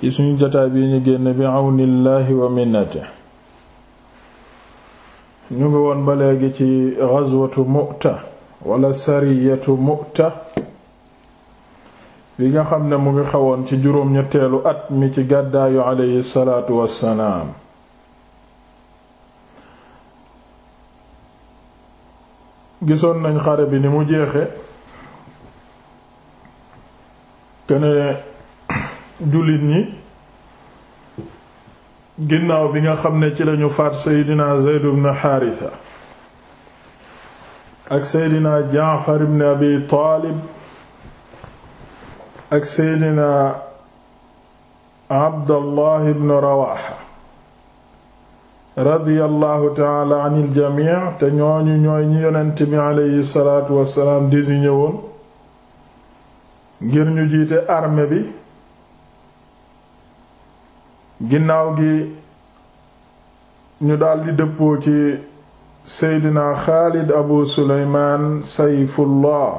ci suñu jotaay bi ñu génn bi àwnillaahi wa minnate ñu ngi woon ba léegi ci ghazwatu mu'ta wala sariyatu mu'ta li nga xam ne mu ngi xawoon ci juróom ñetteelu at mi ci gàddaayu aleyhi salaatu wassalaam gisoon nañ xare bi ni mu jeexe këne jullit ñi ginnaaw bi nga xam ne ci lañu faat seydina zeyd ibn xaarisa ak seydina jaafar ibn abi taalib ak seydina abdallah ibn rawaxa radiyallahu taala an il jamii te ñooñu ñooy ñi yonent bi aleyhi salaatu wassalaam désigné ngir ñu jiite armée bi ginnaaw gi ñu daldi dëppoo ci seydina xaalid abu suleymaan sayfullah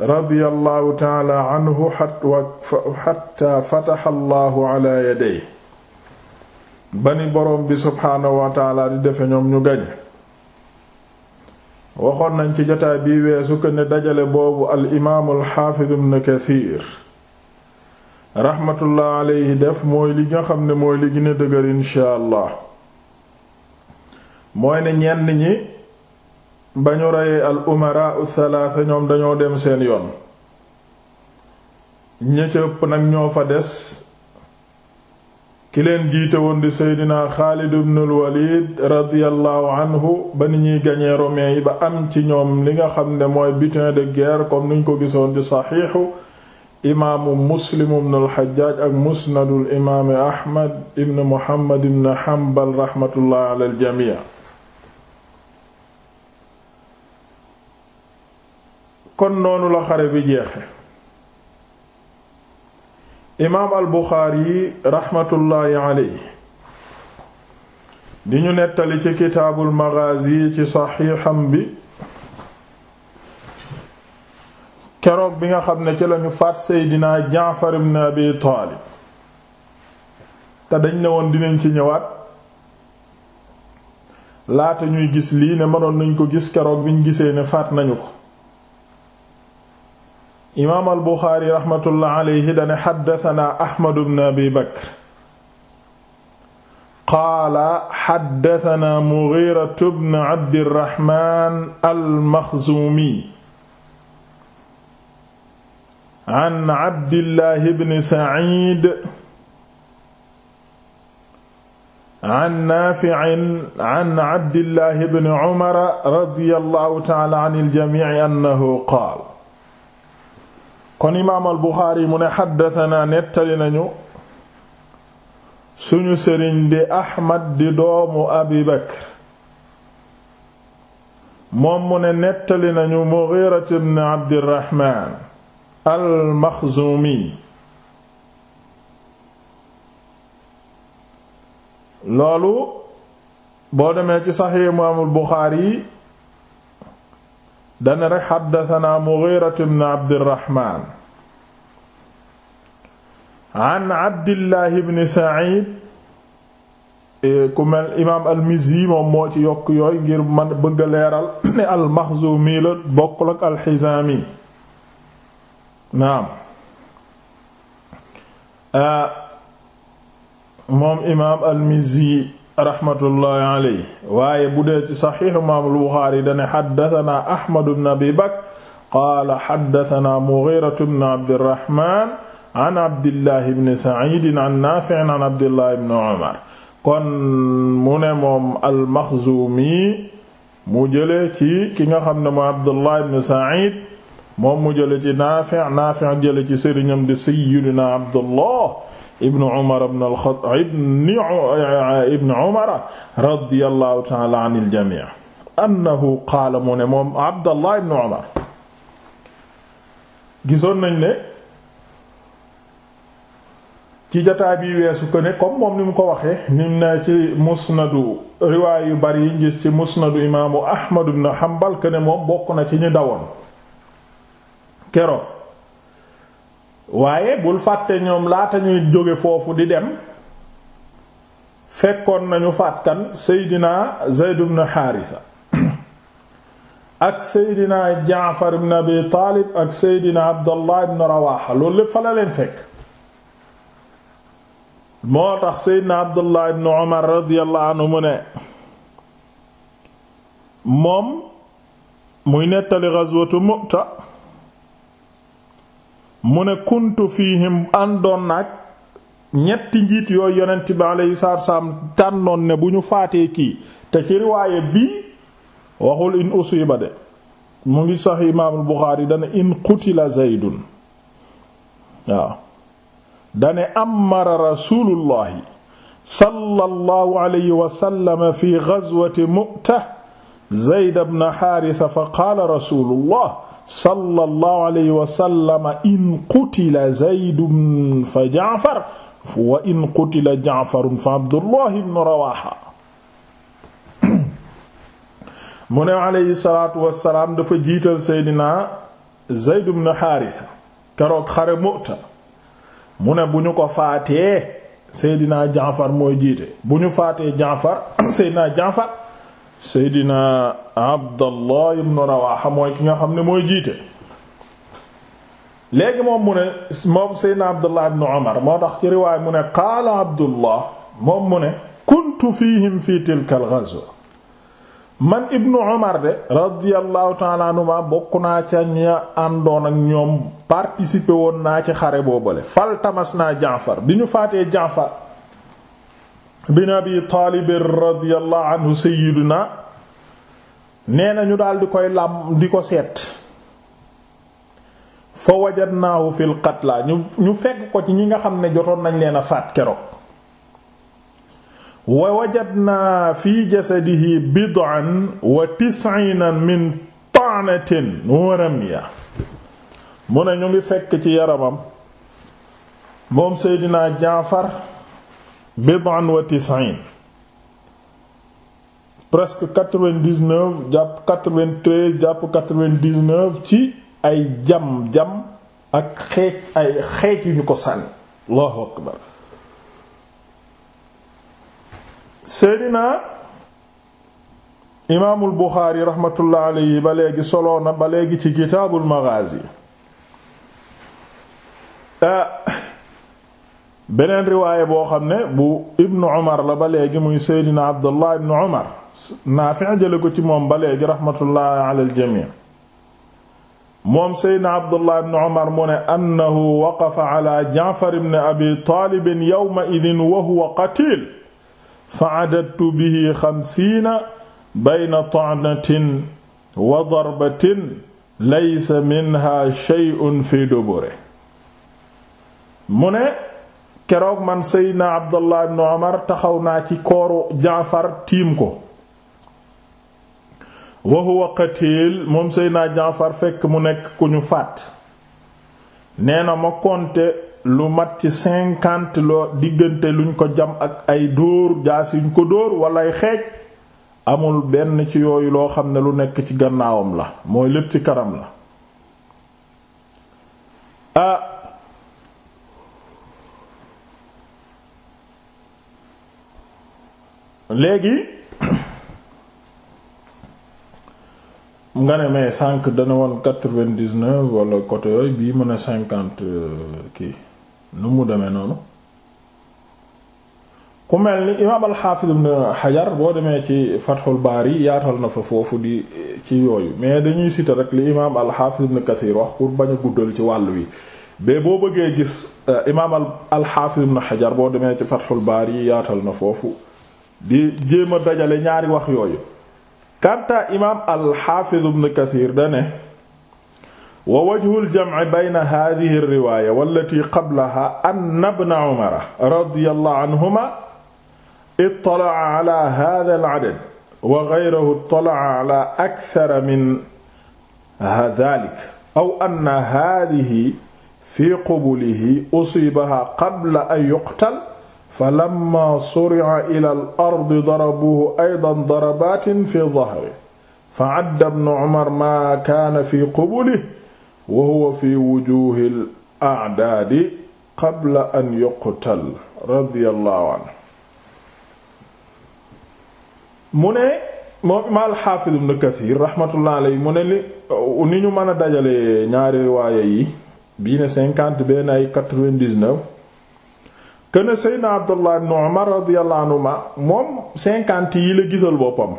radiyallahu taala anhu xatta fataxa allahu ala yadey bani boroom bi subxaanahu wa di defe ñoom ñu gañ waxoon nañ ci jotaay bi weesu ko ne dajale boobu al imaamu al xaafiz ibn kathir rahmatullah alayhi def mooy li nga xam ne mooy li gën a dëgër insha allah mooy ne ñenn ñi ba ñu reyee al umara thalaatha ñoom dañoo dem seen yoon ña nag ñoo fa des ki leen jiite woon di seydina xaalid ibnul walid radiallahu anhu ba ni ñuy gañee romain yi ba am ci ñoom li nga xam ne mooy butin de guerre comme niñ ko gisoon di saxiixu imaamu muslim ibn al ak musnadul imaami Ahmad ibn Muhammad ibn Hanbal rahmatullahi ala al-jamii. kon noonu la xare bi jeexe imaam al-Buxaari rahmatullahi alayhi di ñu nettali ci kitaabul maghaazi ci saxiixam bi. keroog bi nga xam ne ci lañu faat seydinaa jaafar ibn abi taalib te dañ ne woon dinañ ci ñëwaat laata ñuy gis lii ne mënoon nañ ko gis keroog biñ gisee ne faat nañu ko imaam al buxaari raxmatullah aleyhi dane xaddatanaa ahmadu bn abi bakr qaala xaddatanaa mugiiratu bn abdirahmaan al an abdillahi bni said an naafi'in an abdillahi bni umara radiyallahu taala an iljamici annahu qaal kon imaam albuxaari mu ne xaddatanaa nettali nañu suñu sëriñ di ahmad di doomu abi bakr moom mu ne nettali nañu mugiirata bni abdirahmaan al-Maxzumi loolu boo demee ci saxiix imaamul Buxaari dana rek xaddatanaa Mugiira ibn Abdirahmaan an Abdillahi ibn Saciid e, ku mel imaam al moom moo ci yokk yooyu ngir man bëgg a leeral ne la bokkul ak al naam moom imaam al-Mizzi raxmatullaahi waaye bu dee ci saxiix imaam al-Buxaari dane xaddatanaa Ahmad ibn Abi Bakr qaala xaddatanaa Mughira ibn Abdirraxmaan an Abdillaahi an Naafic an Abdillaahi ibn Umar kon mu moom al mu jële ci ki nga xam ne mooy Abdullaahi ibn Saciid moom mu jële ci Naafi' Naafi' jële ci di sayyidina Abdullah ibn Umar ibn al-Khattab ibn ta'ala anil jami' annahu qaala mu moom Abdullah ibn Umar gisoon nañ ne ci jotaay bi weesu ko ne moom ni mu ko waxee nim na ci musnadu riwaay yu bari yi gis ci musnadu imaamu Ahmad ibn Hanbal ko moom bokk na ci ñu dawoon keroog waaye bul fàtte ñoom laata ñuy jóge foofu di dem fekkoon nañu fàtkan seydina Zayd ibn Haarisa ak seydina Jaafar ibn Abi Taalib ak seydina Abdallah ibn Rawaaxa loolu lépp fa fekk moo tax seydina Abdallah ibn Umar radiyallahu anhu mu ne moom muy nettali ghazwatu Mu'ta mu ne kuntu fihim àndoon naag ñetti njiit yooyu yonent bi alayhi salaatu wassalaam tànnoon ne bu ñu te ci riwaaye bii waxul in usiba de mu ngi sax imaamul Buxaari dana in qutila zaydun waaw dane amara rasulullahi sallallahu alayhi wasallam fi ghazwati mu'ta zayd ibn haarisa fa qaala rasulullah sallallahu alayhi wa sallam in qutila zaydun fa jaafar wa in qutila jaafarun fa abdullahi ibn rawaha mu ne alayhi dafa jiital seydina zayd ibn haarisa keroog xare mu'ta mu ne bu ñu ko faatee seydina jaafar mooy jiite bu ñu faatee jaafar seydina jaafar seydina abdallah ibnu rawaxa ki nga xam ne mooy jiite léegi moom mu ne moom seydina abdullah ibnu omar moo tax ci riwaay mu ne qaala abdullah moom mu ne kuntu fihim fi tilka al man ibnu omar de radiallahu taala anhuma bokk naa ca ña àndoon ak ñoom participer woon naa ci xare boobale faltamas naa jaafar bi ñu faatee jaafar bin abi taalib radiyallahu anhu sayyiduna nee na ñu daal koy làm di ko seet fa wajadnaahu fil qatla ñu ñu fekk ko ci ñi nga xam ne jotoon nañ leen a faat keroog wa wajadnaa fi jasadihi bid'an wa tis'iina min ta'natin wa ramya mu ne ñu ngi fekk ci yaramam moom seydinaa jaafar bid'an wa presque quatre jàpp quatre jàpp quatre vingt ci ay jam jam ak xeej ay xeej yu ñu ko sànni allahu akbar seydina imaamul buxaari raxmatullahi alayhi ba léegi soloona ba léegi ci kitaabul maghazi beneen riwaayé boo xam ne bu ibnu umar la ba léegi muy seydina abdullah ibnu umar naafi jële ko ci moom ba léegi raxmatullaahi ala aljamii moom seydina abdullah ibnu umar mu ne annahu waqafa ala jaafar abi taalibin yawma idin wa fa adadtu bihi xamsiina bayna ta'natin wa darbatin minha shay'un fi dubure keroog man seydna abdullah ibn omar taxaw naa ci kooru jaafar tiim ko wa huwa qatil moom seydna jaafar fekk mu nekk ku ñu faat nee na ma konte lu mat ci cinquante diggante luñ ko jam ak ay dóor jaasiñ ko dóor wala ay xeej amul benn ci yooyu loo xam ne lu nekk ci gannaawam la mooy lépp ci kanam la ah, léegi mu nga ne mais cinq dana wan quatre-vingt-dix-neuf wala côté bii mën a cinquante euh, kii nu mu demee noonu ku mel ni imaam al-Hafiz ibn Hajar boo demee ci Fathul Bari yaatal na fa foofu di eh, ci yooyu mais dañuy citer rek li imaam al-Hafiz ibn Kathir wax pour bañ a guddal ci wàll wi mais boo bëggee gis euh, imaam al-Hafiz ibn Hajar boo demee ci baar yi yaatal na foofu di jéem a dajale ñaari wax yooyu kanta imaam alxaafiz ibn kathir dane wa wajhu aljamci bayna hadihi alriwaaya wallati qablaha anna ibna umara radiyallahu anhuma ittalaca ala hada alcadad wa gayrahu ittalaca ala akthar min dalik aw anna hadihi fi qubulihi usiibaha qabla an yuqtal falamma suri'a ila al-ardi darabuhu aydan darabatin fi dhahri fa'adda ibn Umar ma kaana fi qubulihi wa huwa fi wujuhi al-a'daadi qabla an yuqtal radiyallahu anhu mu ne moom imaam al-Haafiz ibn Kathir rahmatullahi alayhi mu ne li ni ñu mën a dajale ñaari riwaaya yi bii ne cinquante benn ay quatre-vingt-dix-neuf kën a seydna abdullah ibn umar radiyallahu anhuma moom cinquante yi la gisal boppam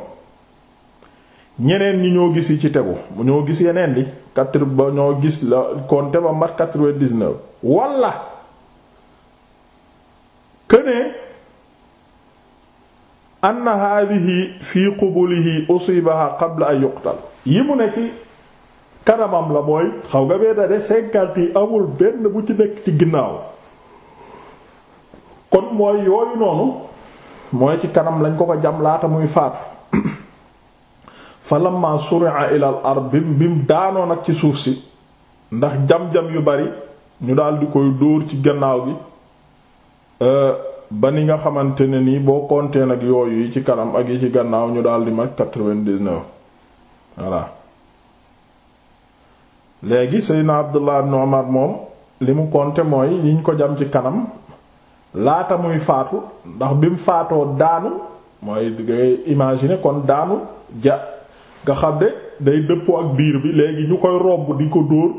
ñeneen ñi ñoo gis yi ci tegu ñoo gis yeneen li quatre ba ñoo gis la compté ba mat quatre-vingt-dix-neuf walla kënee anna haadihi fi qubulihi usibaha yuqtal yi mu ne ci kanamam la mooy xaw nga bee de cinquante yi amul benn bu ci nekk ci ginnaaw kon mooy yooyu noonu mooy ci kanam lañ ko ko jam laata muy faatu fa lamma suri'a ila al ard bi mu daanoo nag ci suuf si ndax jam-jam yu bari ñu daal di koy dóor ci gannaaw bi euh, ba ni nga xamante ne nii boo compter nag yooyu yi ci kanam ak yi ci gannaaw ñu daal di ma quatre vingt voilà léegi Seydina Abdullah ibn Umar moom li mu compter mooy yiñ ko jam ci kanam laata muy faatu ndax bi mu faatoo daanu mooy ngay imaginer kon daanu ja nga xam ne day dëppoo ak biir bi léegi ñu koy robb di ko dóor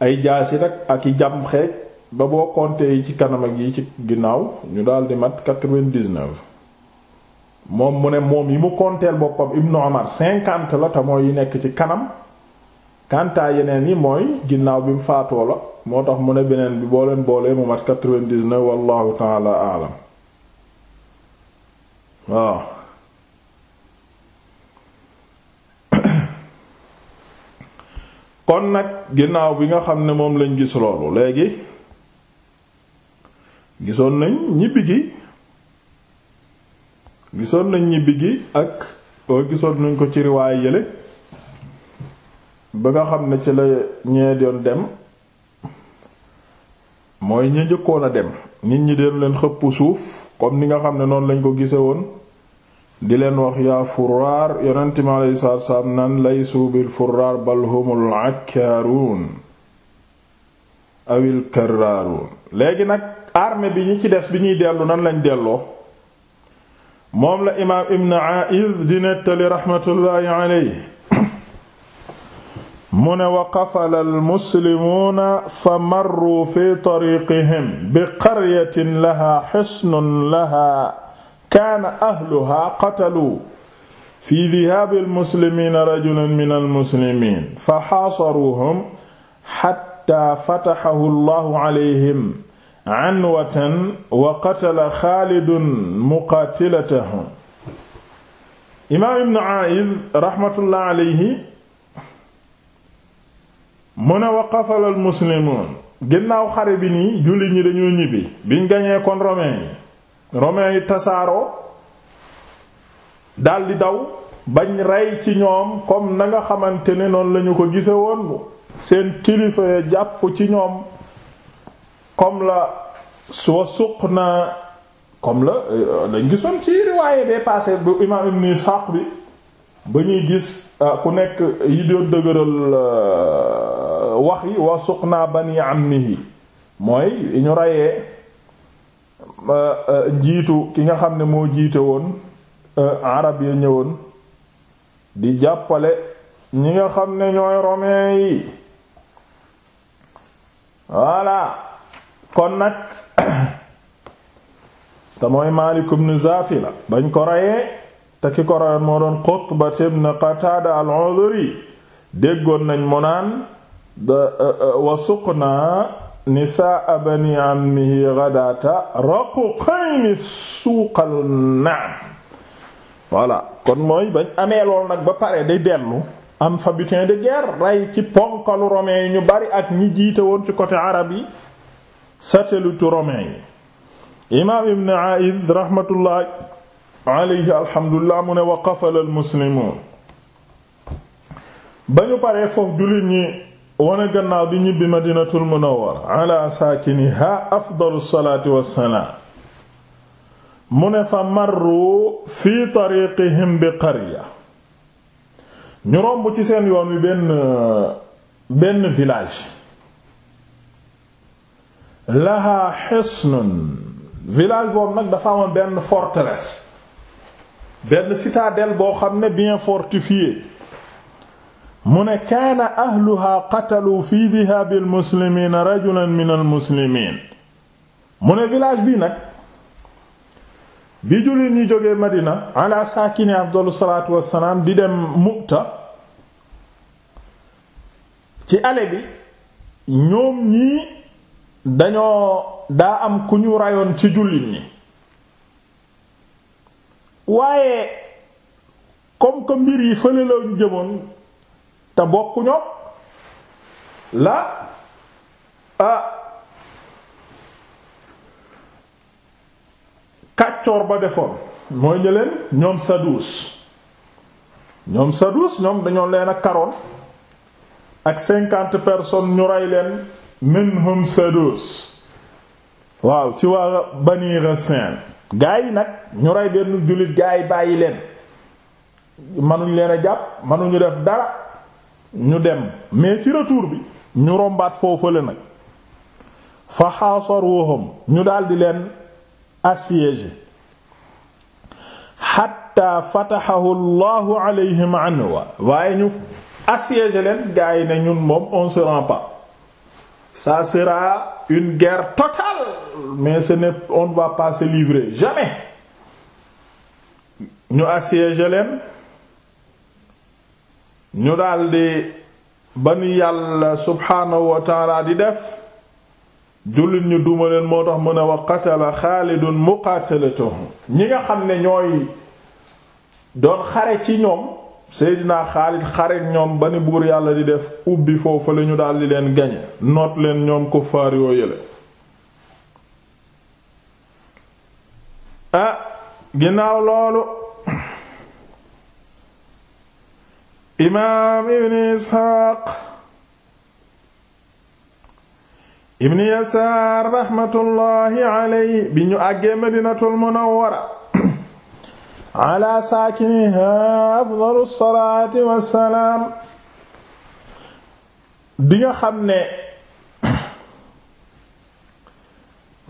ay jaasi nag ak i jam xeej ba boo compter yi ci kanam ak yi ci ginnaaw ñu daal di mat quatre vingt moom mu ne moom yi mu konteel boppam Ibnu Umar cinquante la te mooy yi nekk ci kanam kantaa yeneen yi mooy ginnaaw bi mu faatoo la moo tax mu ne beneen bi boo leen boolee mu mat 99 wallahu taala aalam waaw kon nag ginnaaw bi nga xam ne moom lañ gis loolu léegi gisoon nañ ñibbi gi gisoon nañ ñibbi gi ak oo gisoon nañ ko ci riwaay yële ba nga xam ne ci la ñee doon dem mooy ñi njëkkoon a dem nit ñi deen leen xëpp suuf comme ni nga xam ne noonu lañ ko gise woon di leen wax yaa furaar yonent mi alayhi salaatu salaam nan laysu bil furaar bal humul akkaaruun awil karraaruun léegi nag armée bi ñu ci des bi ñuy dellu nan lañ delloo moom la imaam ibn Aa'iz di nettali raxmatullaahi alayhi mu ne wa qafala almuslimuuna fa marruu fi tariqihim bi qaryatin lahaa xisnun lahaa kaana ahluhaa qataluu fi dihaabi almuslimiina rajulan min almuslimiin fa xaasaruuhum xattaa fataxahu allahu calayhim canwatan wa qatala xaalidun muqaatilatahum imaam ibnu caa'id raxmatullahi alayhi mu ne wa qafala al muslimuun ginnaaw xare bi nii jullit ñi dañoo ñibbi biñ gañee kon romain yi romain yi tasaaroo daldi daw bañ rey ci ñoom comme na xamante ne noonu lañu ko gise woon seen kilifa ya jàpp ci ñoom comme la soo suq na comme la euh, dañ gisoon ci riwaaye bee passé bu imaam ibn Ishaq bi ba ñuy gis euh, ku nekk yi doon dëgëral euh, wax yi wa suqnaa bani ammihi mooy ñu reyee euh, euh, njiitu ki nga xam ne moo jiite woon euh, arab ya ñëwoon di jàppale ñi nga xam ne ñooy romain yi voilà kon nag te mooy Maalik ibn Zaafila bañ ko reyee te ki ko reyoon moo doon Qutba ibn Qataada al-Udhri déggoon nañ mu E, e, wa suqnaa nisaa bani ammihi ghadata raquqayn suuqal na'am voilà kon mooy bañ amee lool nag ba pare day dellu am fa de guerre rey ci ponkalu romain yi ñu bari ak ñi jiite woon ci côté arab yi satellite romain yi imaam ibn aiz rahmatullah mu ne waqafala almuslimun ba ñu paree foofu jullit ñi wane gannaaw bi ñibbi madinatul munawwara ala saakiniha afdalu salaati wassalaam mu ne fa marru fi tariqihim bi qarya ñu romb ci seen yoon wi benn benn village laha hisnun village boobu nag dafa benn forteresse benn citadelle boo xam ne bien fortifiée mu ne kaana ahluha qatalu fi dhihaabi almuslimiin rajulan min almuslimiin mu ne village bii nag bi jullit ñi jógee madina ala saakini afdalu salaatu wassalaam di dem mu'ta ci ale bi ñoom ñii dañoo daa am ku ñu rayoon ci jullit ñi waaye comme que mbir yi fële lañu jëmoon te bokkuñoo la ah kàccoor ba defoon mooy ñëleen ñoom Saduus ñoom Saduus ñoom dañoo leen a karoon ak cinquante personnes ñu rey leen minhum Saduus waaw ci waa Bani Ghassan gaa yi nag ñu rey benn jullit gaa yi bàyyi leen manuñ leen a jàpp manuñu def dara ñu dem mais ci retour bi ñu rombaat foofale nag fa xaasaruhum ñu daldi leen assiégé xatta fataxahu llahu alayhim anwa waaye ñu assiégé leen gars yi ne ñun moom on se rend pas ça sera une guerre totale mais ce n'est on va pas livrer jamais ñu assiégé leen ñu daldi ba nu yàlla subhaanahu wa taala di def jullit ñu duma leen moo tax mën a wa qatala xaalidun muqaatilatuhu ñi nga xam ne ñooy doon xare ci ñoom seydinaa xaalid xare ñoom ba ni buur yàlla di def ubbi foofu la ñu daldi leen gañe noot leen ñoom kuffaar yoo yële ah ginnaaw loolu imaam ibn isxaaq ibn yasaar raxmatullaahi aley bi ñu àggee madinatul munawwara ala saakiniha afdalu salaati wassalaam bi nga xam ne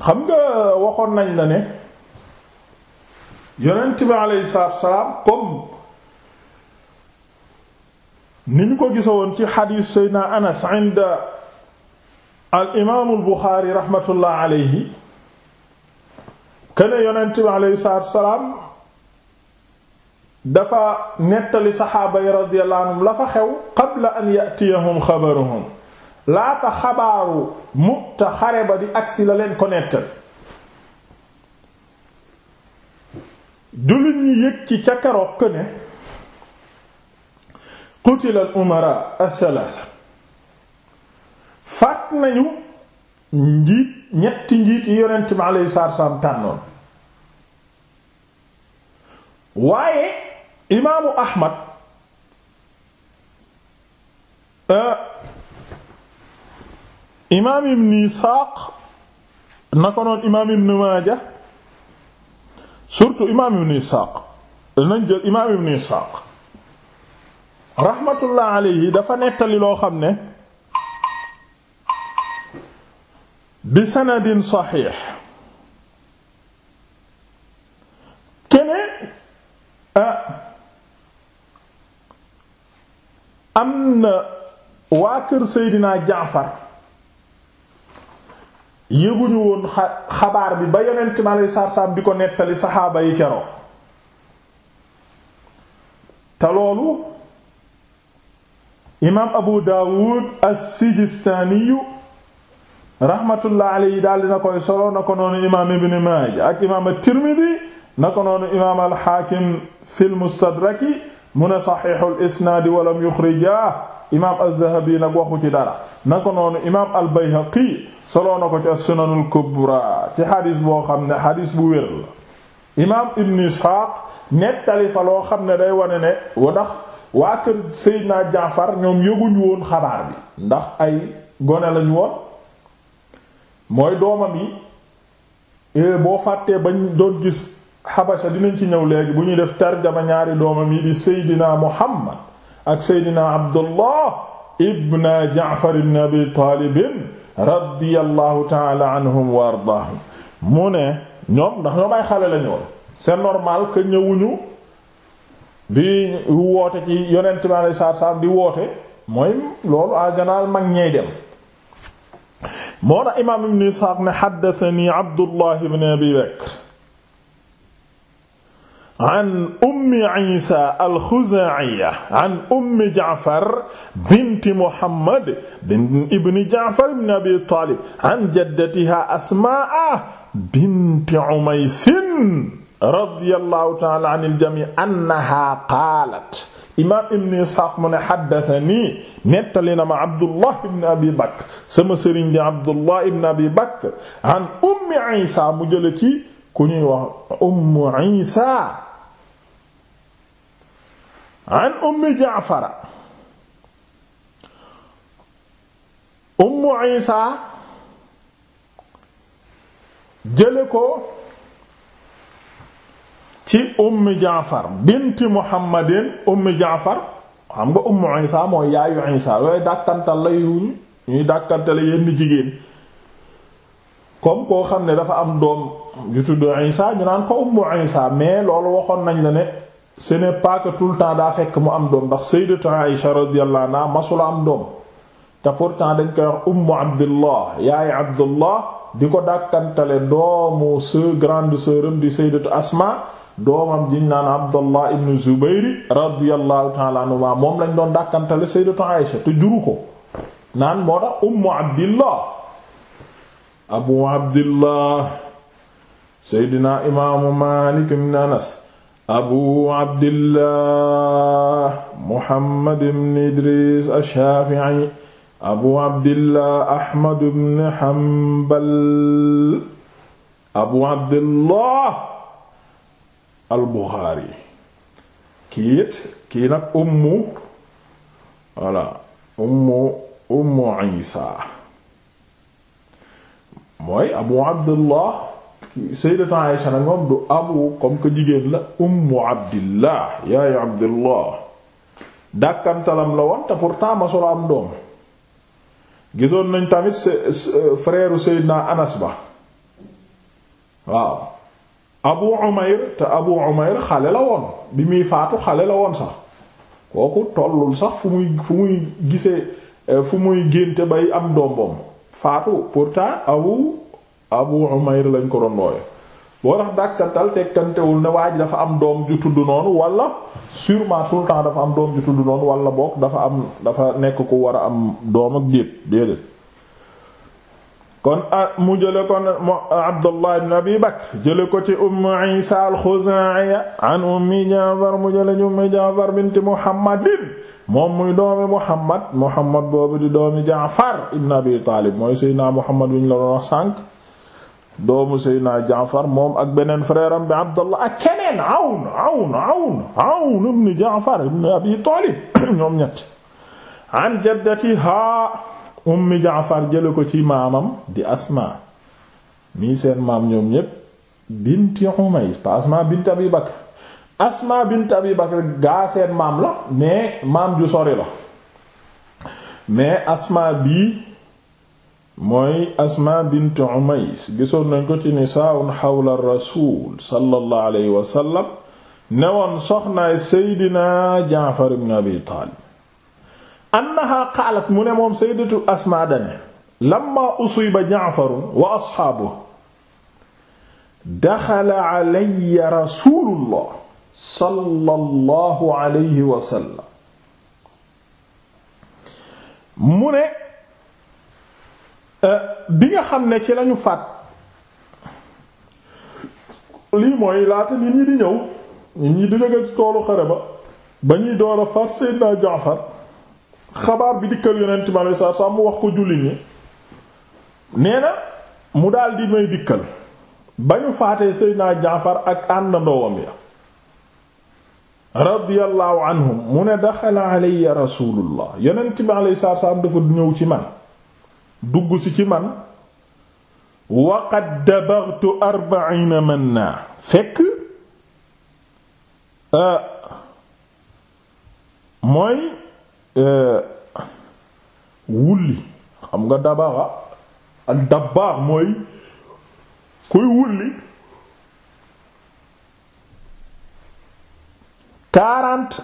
xam nga waxoon nañ la ne yonent bi aleyhi salaatu wassalaam comme ni ñu ko gisoon ci xadiis seydna anas inda al imaamu al buxaari raxmatullah alayhi kene yonent bi alayhi salaatu dafa nettali saxaaba yi radiyallahu anhum la fa xew qabla an yatiyahum xabaruhum laata xabaaru muta xare ba di agsi la leen ko nettal jullit ñi yëg ci ca keroog ne qutila al umara ath-thalatha faat nañu njiit ñetti njiit yi yonent bi alayhi salaatu wassalaam tànnoon waaye imaamu ahmad euh, imaam ibn Isaaq na ko noon ibn Maaja surtout imaam ibn Isaaq nañ jël imaam ibn Isaaq rahmatullah alayhi dafa nettali loo xam ne bi sanadin saxiix kene am na waa kër Seydina Jaafar yëguñu woon xabaar bi ba yonent mi alayhi salaatu salaam di ko nettali saxaaba yi keroo te loolu imaam abu daawud as-sijistaaniyu rahmatullah alayhi daal dina koy solo na ko noonu imaam ibn maaja ak imaam at-tirmidi na ko noonu imaam al-xaakim fil mustadraki mu ne saxiixul isnaadi walam yuxrijaa imaam az-zahabi nag waxu ci dara na ko noonu imaam al-bayhaqi solo na ko ci as-sunanul kubra ci xadis boo xam ne xadis bu wér la imaam ibn isxaaq nettali fa loo xam ne day wane ne wa ndax waa kër Seydina Jaafar ñoom yëguñu woon xabaar bi ndax ay gone lañu woon mooy doomam yi eh, boo fàttee bañ doon gis xabasa dinañ ci ñëw léegi bu ñuy def tarjama ñaari doomam yi di Seydina Muhammad ak Seydina Abdullah ibn Jaafar ibn Abi Taalib radiyallahu taala anhum wa ardaahum mu ne ñoom ndax ñoom ay xale lañu woon c'est normal que ñëwuñu bi woote ci yonent bi alei saatu salaam di woote mooy loolu en général mag ñey dem moo na imaam ibn Isxaaq ne xaddatani Abdullah ibn Abi Bakr an ummi Iisa al-Xuzaaciya an ummi Jacfar binti Muhammad ibni Jacfar ibn Abi Taalib an jaddatihaa Asmaa binti Umaysin radiyallahu taala an iljami annaha qaalat imam ibne isxaaq mu ne xaddatani nettali na ma abdullah ibne abi bakr sama sëriñ di abdullah ibne abi bakr an ummi isa mu jële ci ku ñuy wax ummu isa an ummi jaafara ummu isa jële ko ci ummi jaafar binti muhammadin ummi jaafar xam nga ummu isa mooy yaayu isa yooyu dàkkantal la yu ñuy dàkkantale yenn jigéen comme koo xam ne dafa am doom ju tudd isa ñu naan ko ummu isa mais loolu waxoon nañ la ne ce n'est pas que tout le temps daa fekk mu am doom ndax sayyidatu aisha radiyallahu anha masula am doom te pourtant dañ koy wax abdullah yaay abdullah di ko dàkkantale doomu se grande sœuram di sayyidatu asma doomam jiñ naan Abdallah ibn Zubayr radiyallahu ta'ala anhu moom lañ doon dàkkantale sayyidatu Aisha te juru ko naan moo tax ummu Abdillah abu Abdillah sayyidina imaamu Maalik ibn Anas abu Abdillah Muhammad ibn Idris ash-Shafi'i abu Abdillah Ahmad ibn Hanbal abu Abdillah al Buxaari kii kii nag ummu voilà ummu ummu Isa mooy abu abdullah sayyidatu Aisha nag moom du abu comme que jigéen la ummu abdillah yaay abdullah dàkkantalam la woon te pourtant masul am doom gisoon nañ tamit frère u sayyidina Anas ba waaw abu umayr te abu umayr xale la woon bi muy faatu xale la woon sax kooku tollul sax fu muy fu muy gisee eh, fu muy génte bay am doom boom faatu pourtant abu abu umayr lañ ko doon nooye boo tax dàkkatal tekkantewul ne waa ji dafa am doom ju tudd noonu wala sûrement tout le temps dafa am doom ju tudd noonu walla boog dafa am dafa nekk ku war a am doom ak jépp kon ah, mu jële kon Abdullah ibn Abi Bakr jële ko ci Umm Isa al-Khuzaiya an Ummi Jaafar mu jële ci Ummi Jaafar binti Muhammadin moom muy doomi Muhammad Muhammad boobu di doomi Jaafar ibn Abi Taalib mooy Seydina Muhammad bi ñu la doon wax sànq doomu Seydina Jaafar moom ak beneen frère am bi Abdullah ak keneen Awn Awn Awn Awn ibn Jaafar ibn Abi Taalib ñoom ñett an jaddatiha ummi jaafar jële ko ci maamam di asma mii seen maam ñoom ñépp binti Umays pas asma bint Abi Bakr asma bint Abi Bakr gaa seen maam la mais maam ju sori la mais asma bii mooy asma bint Umays gisoon nañ ko ci nisaa'un xawla rasul sallallahu alayhi wa sallam newoon soxnaay seydina jaafar ibn Abi Taalib annaha qaalat mu ne moom sayyidatu asmaa dane lamma usiba ja'farun wa asxaabuhu daxala alayya rasuulullah sallallahu alayhi wa sallam mu ne eh, bi nga xam ne ci lañu faat lii mooy laata nit ñi di ñëw nit ñi di jóge toolu xare ba ba ñuy door a faat sayyidina Ja'far xabaar bi dikkal yonent mi alayhi salaatu salaam mu wax ko jullit ñi nee na mu daal di may dikkal ba ñu faatee Seydina Jaafar ak àndandoowam ya radiyallahu anhum mu ne daxala alayya rasulullah yonent bi alayhi salaatu salaam dafa ñëw ci man dugg ci ci man wa qad dabaghtu arba'iina manna fekk euh, mooy Euh, wulli xam nga dabaaxa ak dabaax mooy kuy wulli quarante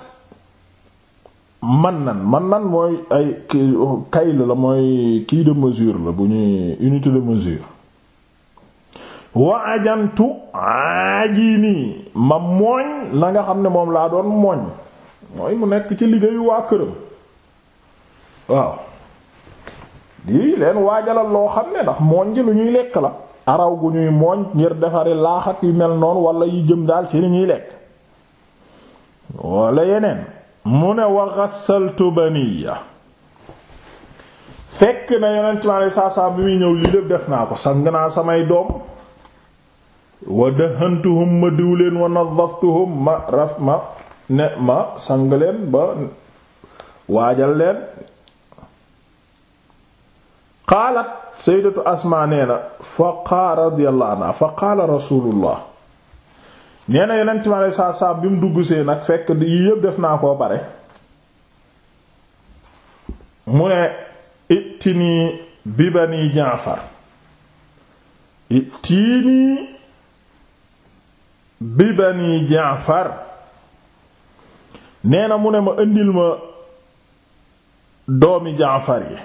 man nan man nan mooy ay kayl la mooy kii de mesure la bu ñuy unité de mesure waajantu ajantu aji nii ma mooñ la nga xam ne moom laa doon mooñ mooy mu nekk ci liggéeyu waa këram waaw di leen waajalal loo xam ne ndax mooñ ji lu ñuy lekk la araw gu ñuy mooñ ngir defari laax ak yu mel noonu walla yi jëm daal ci li ñuy lekk wala yeneen mu ne wa ghassaltu baniya fekk na yonent mi alei saa saa bi muy ñëw lii lépp def naa ko sang naa samay doom wa dahantuhum ma diw leen wa nadaftuhum ma raf ma ne ma sang leen ba waajal leen qaalat sayyidatu asma nee na fa qaala radiyallahu nee na yonent mi alei saatu bi mu duggsee nag fekk yi yëpp def naa koo bare mu ne ittinii bi jaafar ittinii bi jaafar nee na mu ne ma indil ma doomi jaafar yi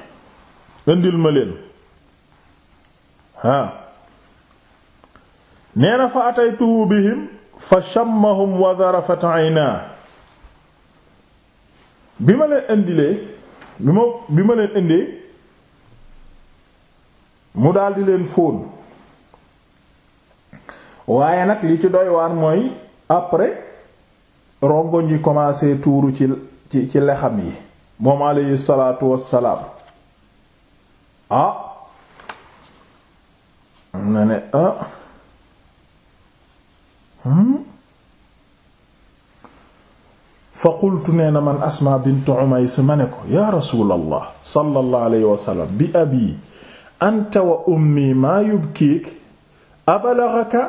indil ma leen ah nee na fa ataytuhu bihim fa shammahum wa zarafat aynaa bi ma leen indilee bi ma bi ma leen indee mu daldi leen fóon waaye nag li ci doy waar mooy après rongoñ yi commencé tuuru ci ci ci lexam yi moom alayhi salaatu wassalaam ah na ne ah hmm? fa qultu nee na man asma bint umays ma ne ko yaa rasuulallah sallallahu alayhi wa sallam bi abi anta wa ummi maa yubkiik abalaghaka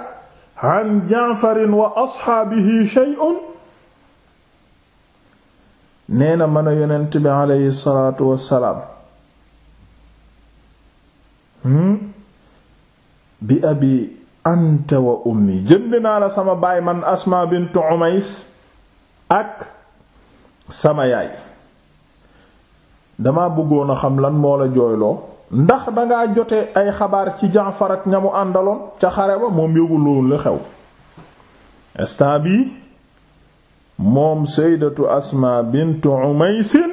an ja'far wa ashaabihi shay'un nee na mën a yonent bi alayhi salaatu wa salaam Hmm? bi abi anta wa ummi jënd naa la sama baay man asmaa bint umays ak sama yaay dama bëggoon a xam lan moo la jooyloo ndax dangaa jote ay xabaar ci jaafar ak ñamu àndaloon ca xare ba moom yëguloon la xew instant bii moom seydatu asma bint umaysin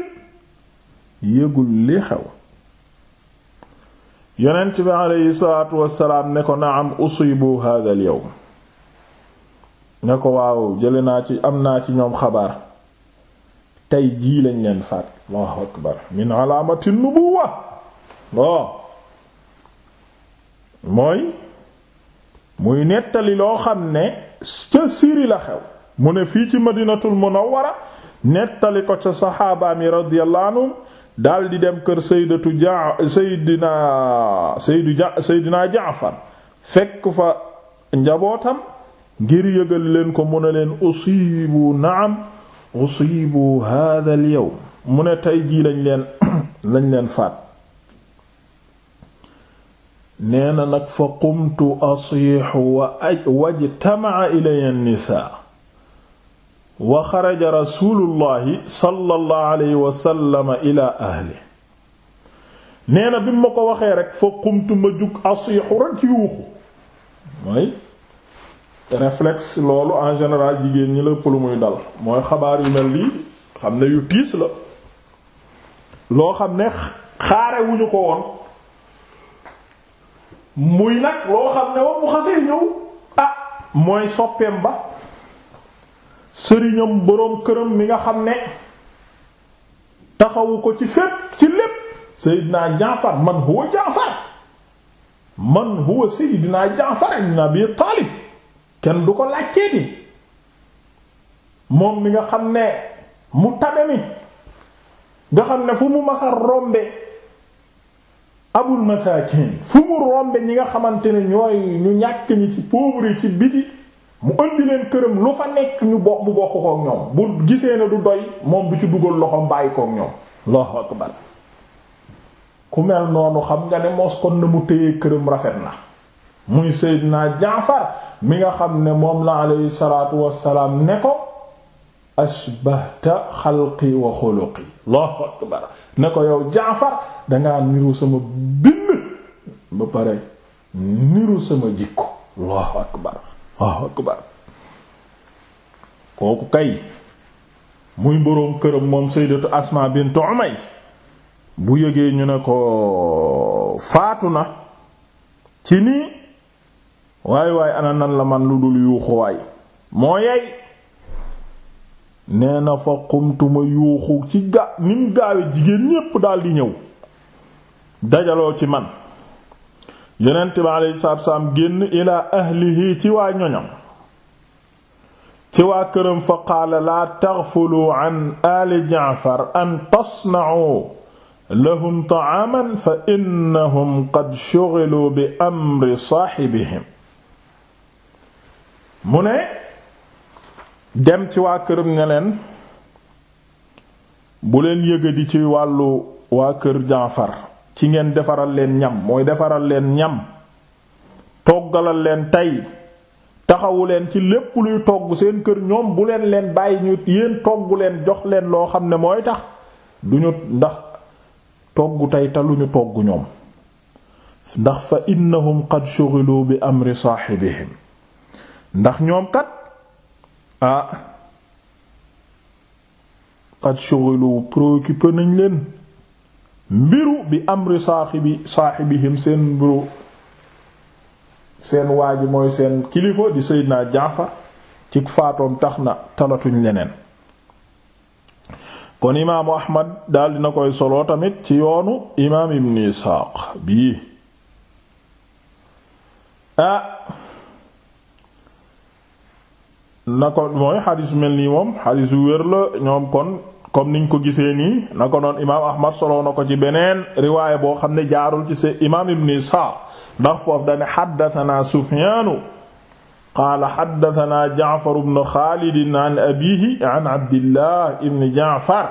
yëgul li xew yonent bi aleyhi salaatu wassalaam ne ko naam usibu hadha al yawm ne ko waaw jële naa ci am naa ci ñoom xabaar tey jii lañ leen faat allahu akbar min alaamati nubuwa mooy muy nettali loo xam ne ca siri la xew mu ne fii ci madinatul munawwara nettali ko ca saxaabaami radiyallahu anhum daldi dem kër saydatu ja saydina saydu ja saydina jaafar fekk fa njabootam ngir yëgal leen ko mu ne leen usibu naam usibu hadha al yawm mu ne tey jii lañ leen lañ leen faat nee nag fa qumtu asiixu wa wajtamaa ilay an nisaa wa xaraja rasuulullahi sallallahu alayhi wa sallam ila ahli nee na bi ma ko waxee rek fa qumtu ma jug asiixu rek yuuxu mooy réflexe loolu en général jigéen ñi la pëlu muy dal mooy xabaar yu mel lii xam ne yu tiis la loo xam ne xaare wu ñu ko woon muy nag loo xam ne wa mu xasee ñëw ah mooy soppeem ba sëriñam boroom këram mi nga xam ne taxawu ko ci fépp ci lépp Seydina Jaafar man huwa Jaafar man huwa Seydina Jaafar ibn Abi Taalib kenn du ko laajtee di moom mi nga xam ne mu tabe mi nga xam ne fu mu masa rombe abul masaakin fu mu rombe ñi nga xamante ne ñooy ñu ñàkk ñi ci pauvre ci biti mu andi leen këram lu fa nekk ñu bokk mu bokk kook ñoom bu gisee ne du doy moom du ci dugal loxoom bàyyi kook ñoom allahu akbar ku mel noonu xam nga ne mos kon mu rafet na muy Seydina mi nga xam ne moom la aleyhi salaatu wassalaam ne ko ashbahta xalqi wa xuluqi allahu akbar ne ko yow Jaafar dangaa niru sama bind ba niru sama jikko allahu akbar waaw akbar kooku kay muy boroom këram moom sayyidatu Asma bint Umays bu yëgee ñu ne ko faatu na ci nii waay waay ana la man lu dul yuuxuwaay moo yey nee na fa xumtuma yuuxu ci ga nim gaawe jigéen ñépp daldi ñëw dajaloo ci man yonent bi alayhi salaatu salaam génn ilaa ahlihi ci waa ñoñam ci waa këram fa qaala laa taghfulu an aali jaafar an tasna'u lahum ta'aaman fa innahum qad shughilu bi amri saahibihim mu ne dem ci waa këram ne leen bu leen yëgadi ci wàllu waa kër jafar ci ngeen defaral leen ñam mooy defaral leen ñam toggalal leen tey taxawu leen ci lépp luy togg seen kër ñoom bu leen leen bàyyi ñu yéen toggu leen jox leen loo xam ne mooy tax duñu ndax toggu tey te lu ñu togg ñoom ndax fa innahum qad shughilu bi amri saaxibihim ndax ñoom kat ah qad shughilu préoccupé nañ leen mbiru bi amri saaxibi saaxibihim seen mbiru seen waa mooy seen kilifa di Seydina Jaafar ci faatoom tax na talatuñ leneen kon imaamu Ahmad daal dina koy solo tamit ci yoonu imaam Ibn Isaaq bii ah na ko mooy xadis mel nii moom xadis yu wér la ñoom kon comme niñ ko gisee nii na ko noon imaam ahmad soloo na ko ci beneen riwaaya boo xam ne jaarul ci se imaam ibn isxaaq ndax foofu dane xaddatanaa sufyaanu qaala xaddatanaa jaafar ibn xaalidin an abihi an abdillah ibn jaafar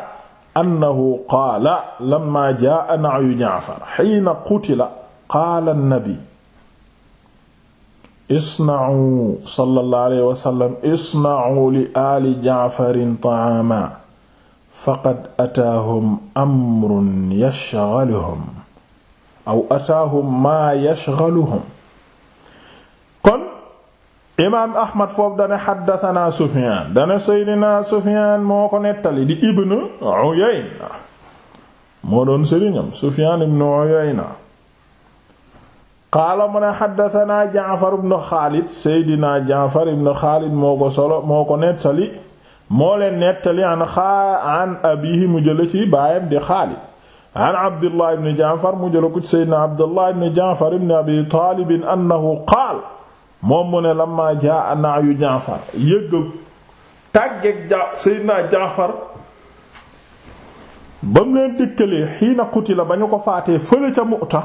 annahu qaala lamma jaa na'yu jaafar xiina qutila qaala annabi isna'u sallallahu alayhi wa sallam isna'u li aali jaafarin ta'aaman faqad ataahum amrun yashghaluhum aw ataahum maa yashghaluhum kon imaam ahmad foofu dane xaddatanaa sufiyaan dane seydinaa sufiyaan moo ko nettali di ibnu uyayna moo doon sëriñam sufiyaan ibnu uyayna qaala mu ne xaddatanaa jaafar ibnu xaalid seydinaa jaafar ibnu xaalid moo ko solo moo ko nettali moo leen nettali an xaa an abihi mu jële ci baayam di Xaalid an Abdullah ibn Jaafar mu jële ko ci Seydina Abdullah ibn Jaafar ibn Abi Taalib annahu qaal moom mu ne lamma jaa naayu Jaafar yëggal tàggeeg ja Jaafar ba leen dikkalee xiina qutila ba ko faatee fële ca Mu'ta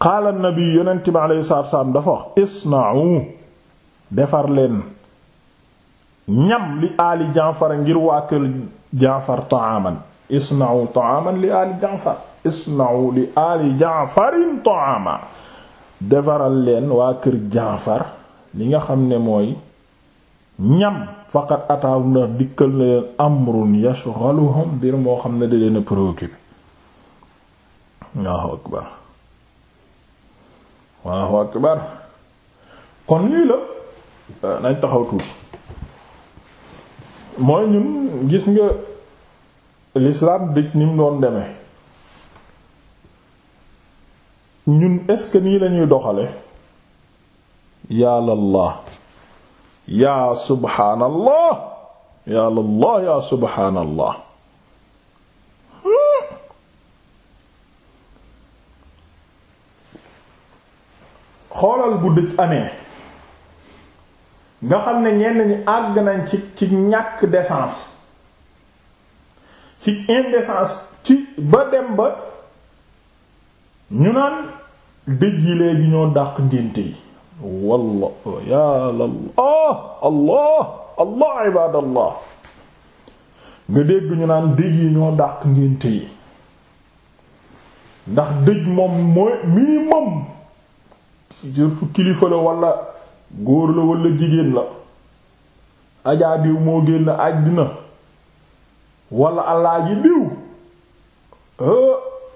qaala an-nabi yonent bi alayhi salaatu wa salaam dafa wax defar leen ñam li aali jaafar ngir waa kër jaafar taaman isna'u taaman li aali jaafar isna'u li aali jaafarin taama defaral leen waa kër jaafar li nga xam ne mooy ñam faqat ataahum ndax dikkal na leen amrun yashghaluhum mbir moo xam ne da leen a préoccupé Allahu akbar Allahu akbar kon lii la Euh, nañ taxaw tuuti mooy ñun gis nga lislaam dëj ni mu doon demee ñun est nii lañuy doxale yàllallah yaa subhaanallah yàllallah yaa subhaanallah xoolal bu dëj amee nga xam ne ñenn ñi àgg nañ ci ci ñàkk décence ci indécence ci ba dem ba ñu naan dëj yi léegi ñoo dàq ngénte yi walla ya Allah Allah Allah ibadallah nga dégg ñu naan dëj yi ñoo dàq ngénte yi ndax dëj moom mooy minimum surtout kilifa la walla góor la walla jigéen la ajaa diw moo génn àddina walla alaaji diw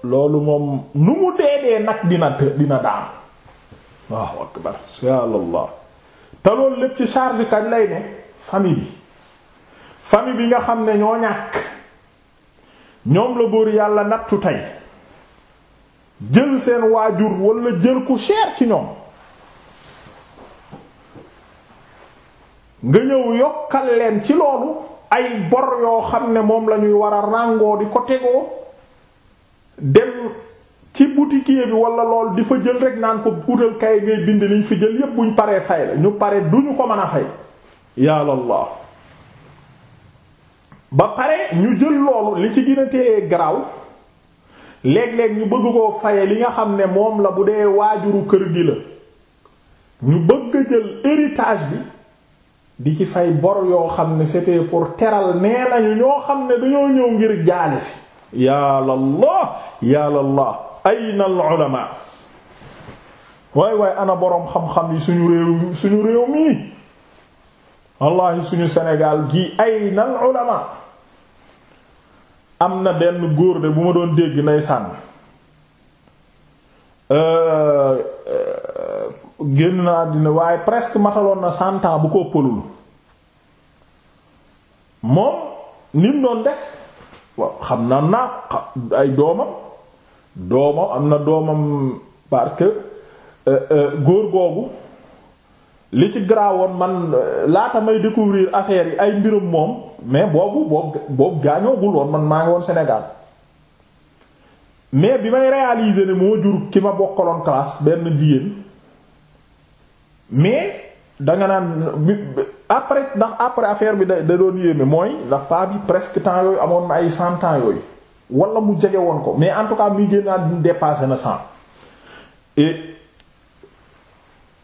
loolu moom nu mu dee dee nag dina dina daan waaw akbar subhaanallah te loolu lépp ci charge kañ lay ne famille bi famille bi nga xam ne ñoo ñàkk ñoom la buur yàlla nattu tey jël seen waajur walla jël ku cher ci ñoom nga ñëw yokkal leen ci loolu ay bor yoo xam ne moom lañuy ñuy war a ràngoo di ko tegoo dem ci boutiquier bi wala lool di fa jël rek naan ko utal kay ngay bind liñ fi jël yépp buñ paree fay la ñu pare duñu ko mën a fay yàlla ba pare ñu jël loolu li ci gën a téye garaaw léeg-léeg ñu bëgg koo faye li nga xam ne moom la bu dee waajuru kër gi la ñu bëgg jël héritage bi di ci fay bor yoo xam ne c'était pour teral nee nañu ñoo xam ne dañoo ñëw ngir jaale si ya Allah ya Allah ayna al ulama waay waay ana boroom xam-xam yi suñu réew suñu réew mii wallahi suñu senegaal gi ayna al ulama am na benn góor de bu ma doon dégg nay sànn génn na àddina waaye presque mataloon na cent bu ko pëlul moom nim doon def waaw xam na naa ay doomam doomam am na doomam parce que euh, euh, góor googu li ci garaawoon man euh, laata may découvrir affaire yi ay mbirum moom mais boobu boobu boobu gaañoogul woon man maa ngi woon Sénégal mais bi may réaliser ne moo jur ki ma bokkaloon classe benn jigéen mais danga naan bi après ndax après affaire bi da da doon yéeme mooy ndax paa bi presque temps yooyu amoon na ay cent temps yooyu wala mu jege woon ko mais en tout cas muy génn àddina na cent et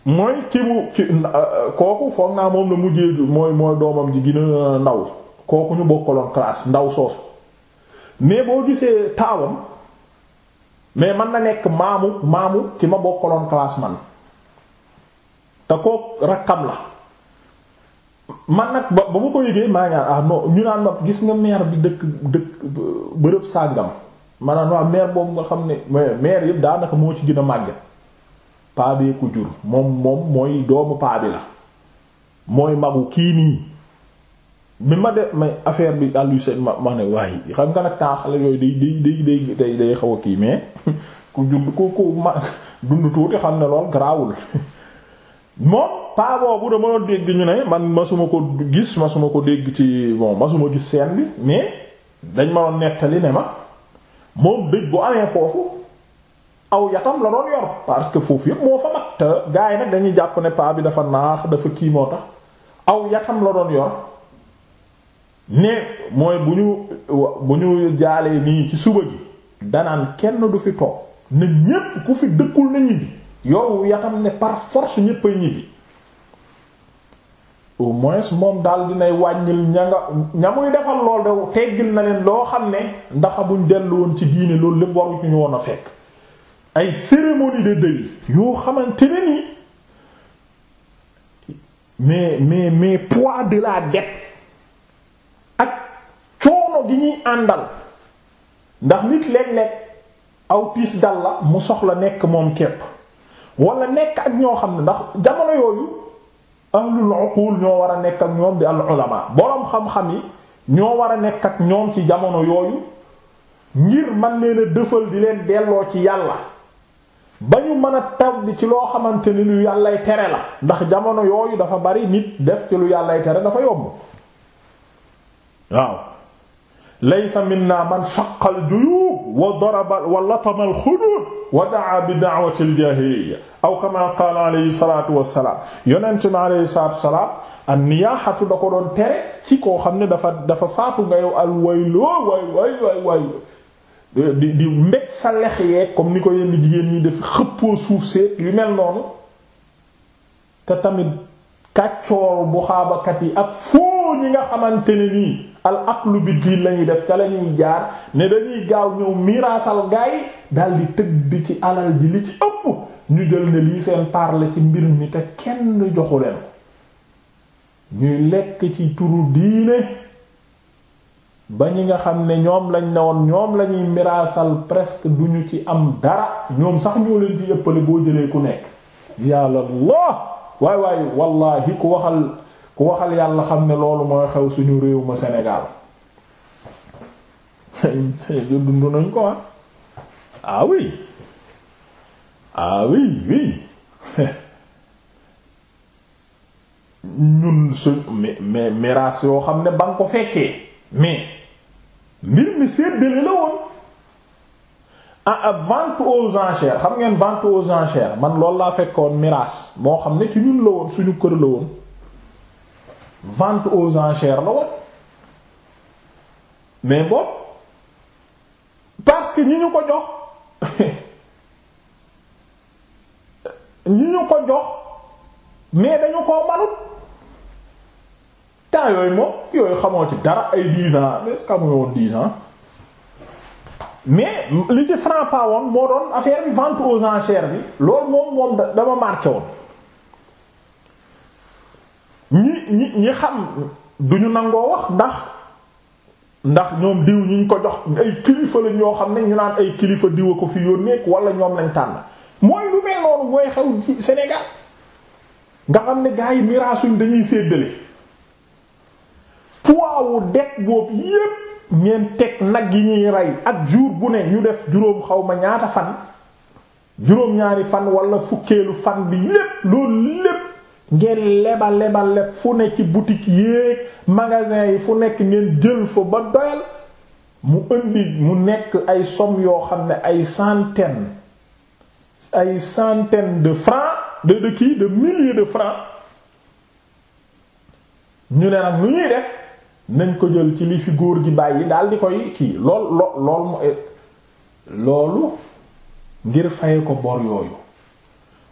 mooy ki mu ki euh, euh, kooku foog naa moom la mujjee mooy doomam ji ndaw kooku ñu bokkaloon classe ndaw soosu mais boo gisee taawam mais man na nekk maamu maamu ki ma bokkaloon classe man. te kook rakkam la man nag ba ba ma ko yëgee maa ngaan ah ñu naan ma gis nga maire bi dëkk dëkk bërëb sàngam maanaam waaw maire boobu nga xam ne maire yëpp daanaka moo ci gën a màgg paabee ku moom moom mooy doomu paa bi la mooy magu kii nii bi ma de may affaire bi àllu seen ma ma ne waaye xam nga nag temps yooyu day day day day day xaw a kii mais ku jur ku ku ma dund tuuti xam ne lool garaawul moom paa boobu dama doon dégg ñu ne man masuma ko gis masuma ko dégg ci bon masuma gis seen bi mais dañ ma doon nettali ne ma moom dëj bu amee foofu aw yatam la doon yor parce que foofu yëpp moo fa mag te gaa nag dañuy jàpp ne paa bi dafa naax dafa kii moo tax aw yatam la doon yor ne mooy bu ñu bu ñu jaalee nii ci suba gi danaan kenn du fi toog na ñépp ku fi dëkkul na ñibbi yow yatam ne par force ñépp a ñibbi au moins moom daal dinay wàññil ña nga defal lool de teggil na leen loo xam ne ndax buñ dellu woon ci diine loolu lépp waru ñu woon a fekk ay cérémonie de deuil yoo xamante ne ni mais mais mais poids de la ak coono gi ñuy àndal ndax nit léeg-léeg aw tiis dal mu soxla nekk moom képp wala nekk ak ñoo xam ne ndax jamono yooyu ahlul uqul ñoo war a nekk ak ñoom di al ulama boroom xam-xam yi ñoo war a nekk ak ñoom ci jamono yooyu ngir man leen a dëfal di leen delloo ci yàlla ba ñu mën a taw bi ci loo xamante ni lu yàllay tere la ndax jamono yooyu dafa bari nit def ci lu yàllay tere dafa yomb waaw laysa minna man shaqqal juyub wa daraba wa latama alxudud wa daa bi daawati aljaahiliya aw kama qaala alayhi salaatu wassalaam yonent mi alayhi salaatu wassalaam an niyaaxatu da ko doon tere ci koo xam ne dafa dafa faatu nga yow al wayloo way way way way di di mbég sa lex comme ni ko yenn jigéen ñi def xëppoo suuf seet yu mel noonu te tamit kàccoor bu xaabakat yi ak foo ñi nga xamante ne nii al aqlu bi diin lañuy def ca lañuy jaar ne dañuy gaaw ñëw miraasal gaay daldi di ci alal ji li ci ëpp ñu jël ne lii seen parle ci mbir mi te kenn joxu leen ñuy lekk ci turu diine ba ñi nga xam ne ñoom lañ ne woon ñoom lañuy miraasal presque duñu ci am dara ñoom sax ñoo leen ci yëppale boo jëlee ku nekk yàlla Allah waay waay wallaahi ku waxal ku waxal yàlla xam ne loolu mooy xew suñu réew ma senegaal dund nañ ko ah ah oui ah oui oui ñun suñ mais miraas yoo xam ne ba nga ko fekkee mais mbir mi séddale la woon Ah, ah vente aux enchères xam ngeen vente aux enchères man loolu laa fekkoon miraas moo xam ne ci ñun la woon suñu kër la woon vente aux enchères la woon mais bon parce que ñi ñu ko jox ñi ñu ko jox mais dañu koo manut temps yooyu moom yooyu xamoo ci dara ay dix ans mais est-ce que amuñu woon mais li ci franc woon moo doon affaire bi vente aux enchères bi loolu moom moom dama marqué woon ñi ñi ñi xam duñu nangoo wax ndax ndax ñoom diw ñi ñu ko jox ay kilifa lañ ñoo xam ne ñu naan ay kilifa diw a ko fi yónnee wala ñoom lañ tànn mooy lu mel noonu mooy xew ci Sénégal nga xam ne gars yi miraasuñ dañuy séddale poids wu det boobu yépp ngeen teg nag yi ñuy rey ak jour bu ne ñu def juróom xaw ma ñaata fan juróom-ñaari fan wala fukkeelu fan bi lépp loolu lépp ngeen lebal lebal leb fu ne ci boutique yéeg magasin yi fu nekk ngeen jël fo ba doyal mu indi mu nekk ay som yoo xam ne ay centaine ay centaine de francs de de kii milliers de francs ñu ne nag nu ñuy def nañ ko jël ci li fi góor gi bàyyi daal di koy kii lool lo lool mo eh, loolu ngir faye ko bor yooyu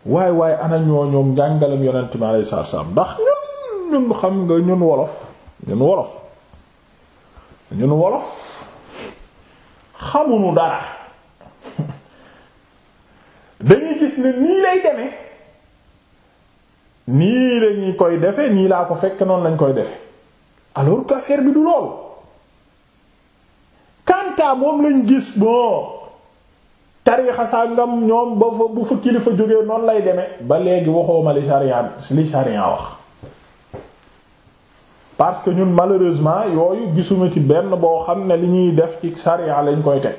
waaye waaye ana ñoo ñoom njàngalem yonent mi alayhi salaatu salaam ndax ñun ñun xam nga ñun wolof ñun wolof ñun wolof xamuñu dara dañuy gis ne nii lay demee nii lañuy koy defe nii laa ko fekk noonu lañ koy defe alors que bi du loolu kanta moom lañu gis bon tariixa sàngam ñoom ba fa bu fa kilifa jógee noonu lay demee ba léegi waxooma li sharia li sharia wax parce que ñun malheureusement yooyu gisuma ci benn boo xam ne li ñuy def ci sharia lañ koy teg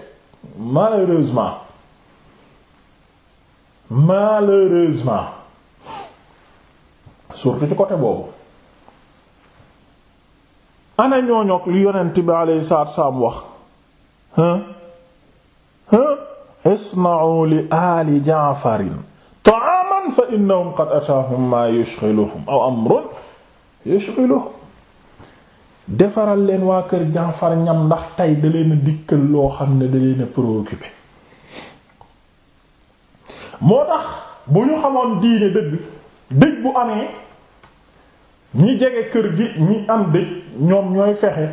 malheureusement malheureusement surtout ci côté boobu ana ñooñook li yonent bi alayhi salaatu salaam wax hein li aali ja'farin ta'aman fa innahum qad maa yushghiluhum aw amrun yushghiluhum defaral leen waa kër jànfar ñam ndax tey da dikkal loo xam ne da leen a moo tax bu ñu xamoon diine dëgg dëgg bu amee ñi jege kër gi ñi am dëj ñoom ñooy fexe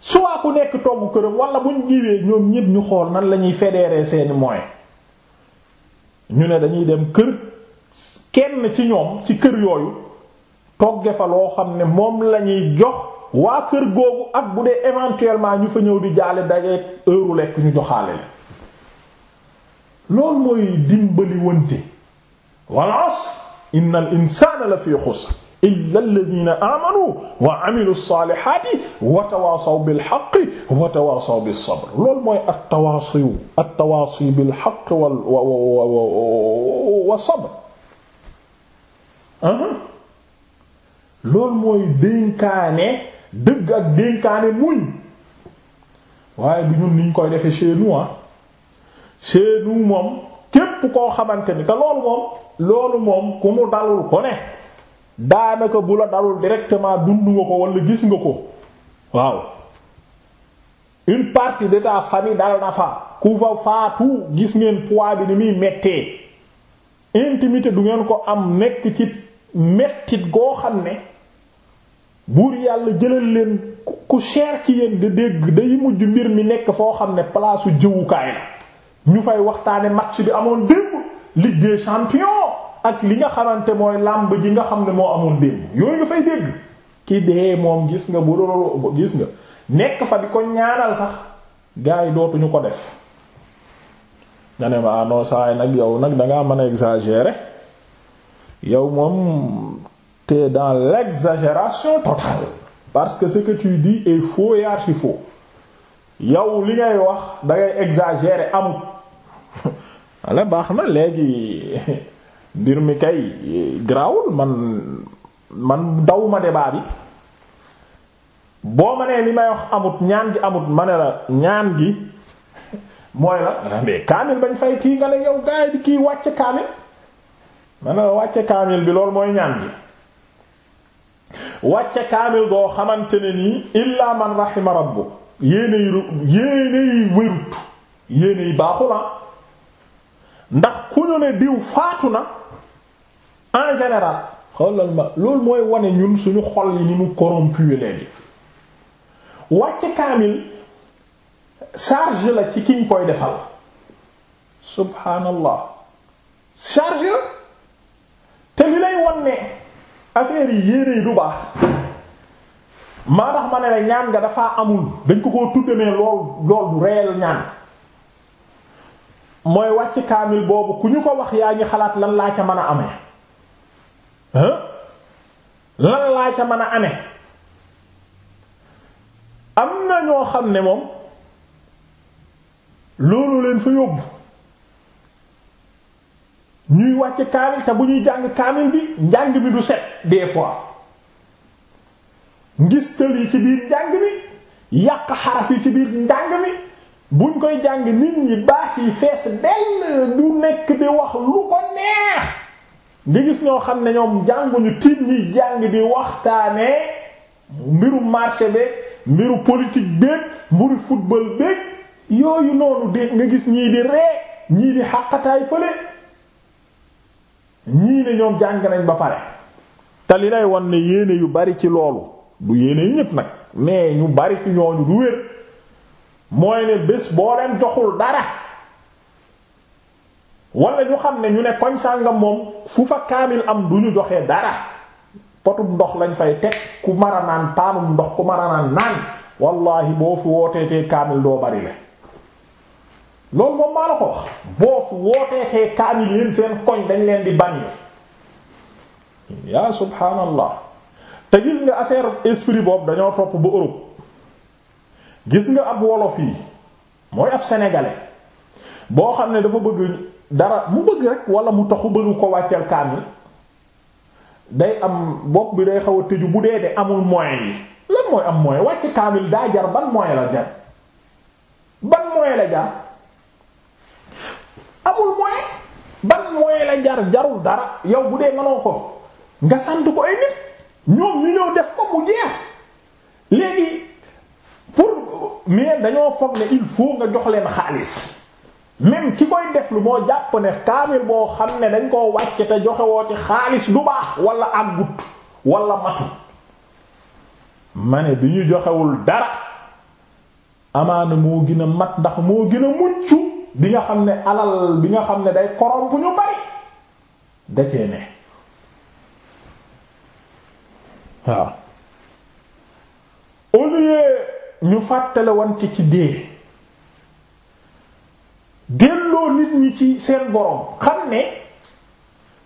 soit ku nekk togg këram wala buñ giwee ñoom ñépp ñu xool nan la ñuy fédérer seeni moyens ñu ne dañuy dem kër kenn ci ñoom ci kër yooyu togge fa loo xam ne moom lañuy jox waa kër googu ak bu dee éventuellement ñu fa ñëw di jaale daje heure lekk ñu joxaale la loolu mooy dimbali wënte wal asr insaana la fi xusr illa alladhina amanu wa amilu salihati wa tawasaw bil haqqi wa tawasaw bis sabr loolu mooy at-tawaasi at-tawaasi bil haqqi wal wa sabr loolu mooy dénkaane dëgg ak dénkaane muñ waaye du ñun niñ koy defee chez nous ah. chez nous moom képp koo xamante ni te loolu moom loolu moom ku mu dalul ko ne daanaka bu la dalul directement dund nga ko wala gis nga ko waaw une partie de ta famille dal na fa ku fa faatu gis ngeen poids bi ni muy mettee intimité du ngeen ko am nekk ci mettit goo xam ne buur yàlla jëlal leen ku cher ci yéen da dégg day mujj mbir mi nekk foo xam ne palaasu jëwukaay la ñu fay waxtaane match bi amoon démb Ligue des ak li nga xamante mooy làmb ji nga xam ne moo amoon démb yooyu nga fay dégg ki dee moom gis nga bu doon gis nga nekk fa di ko ñaanal sax gars yi dootuñu ko def nga ne ma ah, non saa yi nag yow nag dangaa mën a exagérer yow moom t'es dans l'exagération totale parce que ce que tu dis est faux et archi faux yow li ngay wax dangay exagérer amut walla baax na léegi mbir mi kay grawul man man daw ma débat bi boo ma nee li may wax amut ñaan gi amut ma ne la ñaan gi mooy la mais kaamil bañ fay kii nga ne yow gaa di kii wàcce kaamil ma ne la wàcce kaamil bi loolu mooy ñaan gi wàcce kaamil goo xamante ne nii illaa man rahima rabbuk yéenay ru yéenay wérut yéenay baaxu na ah. ndax ku ñu ne diw faatu na en général xoolal ma loolu mooy wane ñun suñu xol yi ni mu corrompu léegi wàcc kaamil charge la ci kiñ koy defal subhaanallah charge te li lay wan ne affaire yi yéere yi du baax maa tax ma ne la ñaan nga dafa amul dañ ko koo tudde mais lool lool du réel ñaan mooy wàcc kaamil boobu ku ñu ko wax yaa ngi xalaat lan laa ca mën a amee lan laa ca mën a ame am na ñoo xam ne moom loolu leen fa yóbbu ñuy wàcc kaamil te bu ñuy jàng kaamil bi njàng bi du set des fois ngistal yi ci biir njàng mi yàq xaraf yi ci biir njàng mi buñ koy jàng nit ñi baax yi fees dell du nekk di wax lu ko neex nga gis ñoo xam ne ñoom jànguñu tiit ñi jàng bi waxtaanee mbiru marché beeg mbiru politique beeg mbiru football beeg yooyu noonu de nga gis ñii di ree ñii di xàqataay fële ñii ne ñoom jàng nañ ba pare te li lay wan ne yéene yu bari ci loolu du yéene yu ñépp nag mais ñu bari ci ñooñu du wér mooy ne bés boo leen joxul dara wala ñu xam ne ñu ne koñ sàngam moom fu fa kaamil am du ñu joxee dara potum ndox lañ fay teg ku mara naan paanum ndox ku mara naan naan wallahi boo fi wooteetee kaamil doo bari le loolu moom maa la ko boo fi wooteetee kaamil yéen seen koñ dañ leen di ban yi yaa subhaanallah te gis nga affaire esprit boobu dañoo topp bu Europe gis nga ab wolof yi mooy ab sénégalais boo xam ne dafa bëgg dara mu bëgg rek wala mu taxu bëgg ko wàcceel kaamil day am bopp bi day xaw a tëju bu dee de amul moyen yi lan mooy am moyen wàcce kaamil daa jar ban moyen la jar ban moyen la jar amul moyen ban moyen la jar jarul dara yow bu dee mënoo ko nga sant ko ay nit ñoom ñu ñëw def ko mu jeex léegi pour mais dañoo foog ne il faut nga jox leen xaalis. même ki koy def lu moo jàpp ne kaamil boo xam ne dañ koo wàcce te joxe ci xaalis du baax wala àggut wala matu ma ne bi ñu joxewul dara amaana moo gën a mat ndax moo gën a mucc bi nga xam ne alal bi nga xam ne day korompu ñu bari da ne waaw au lieu ñu fàttale woon ci ci dee delloo nit ñi ci seen borom xam ne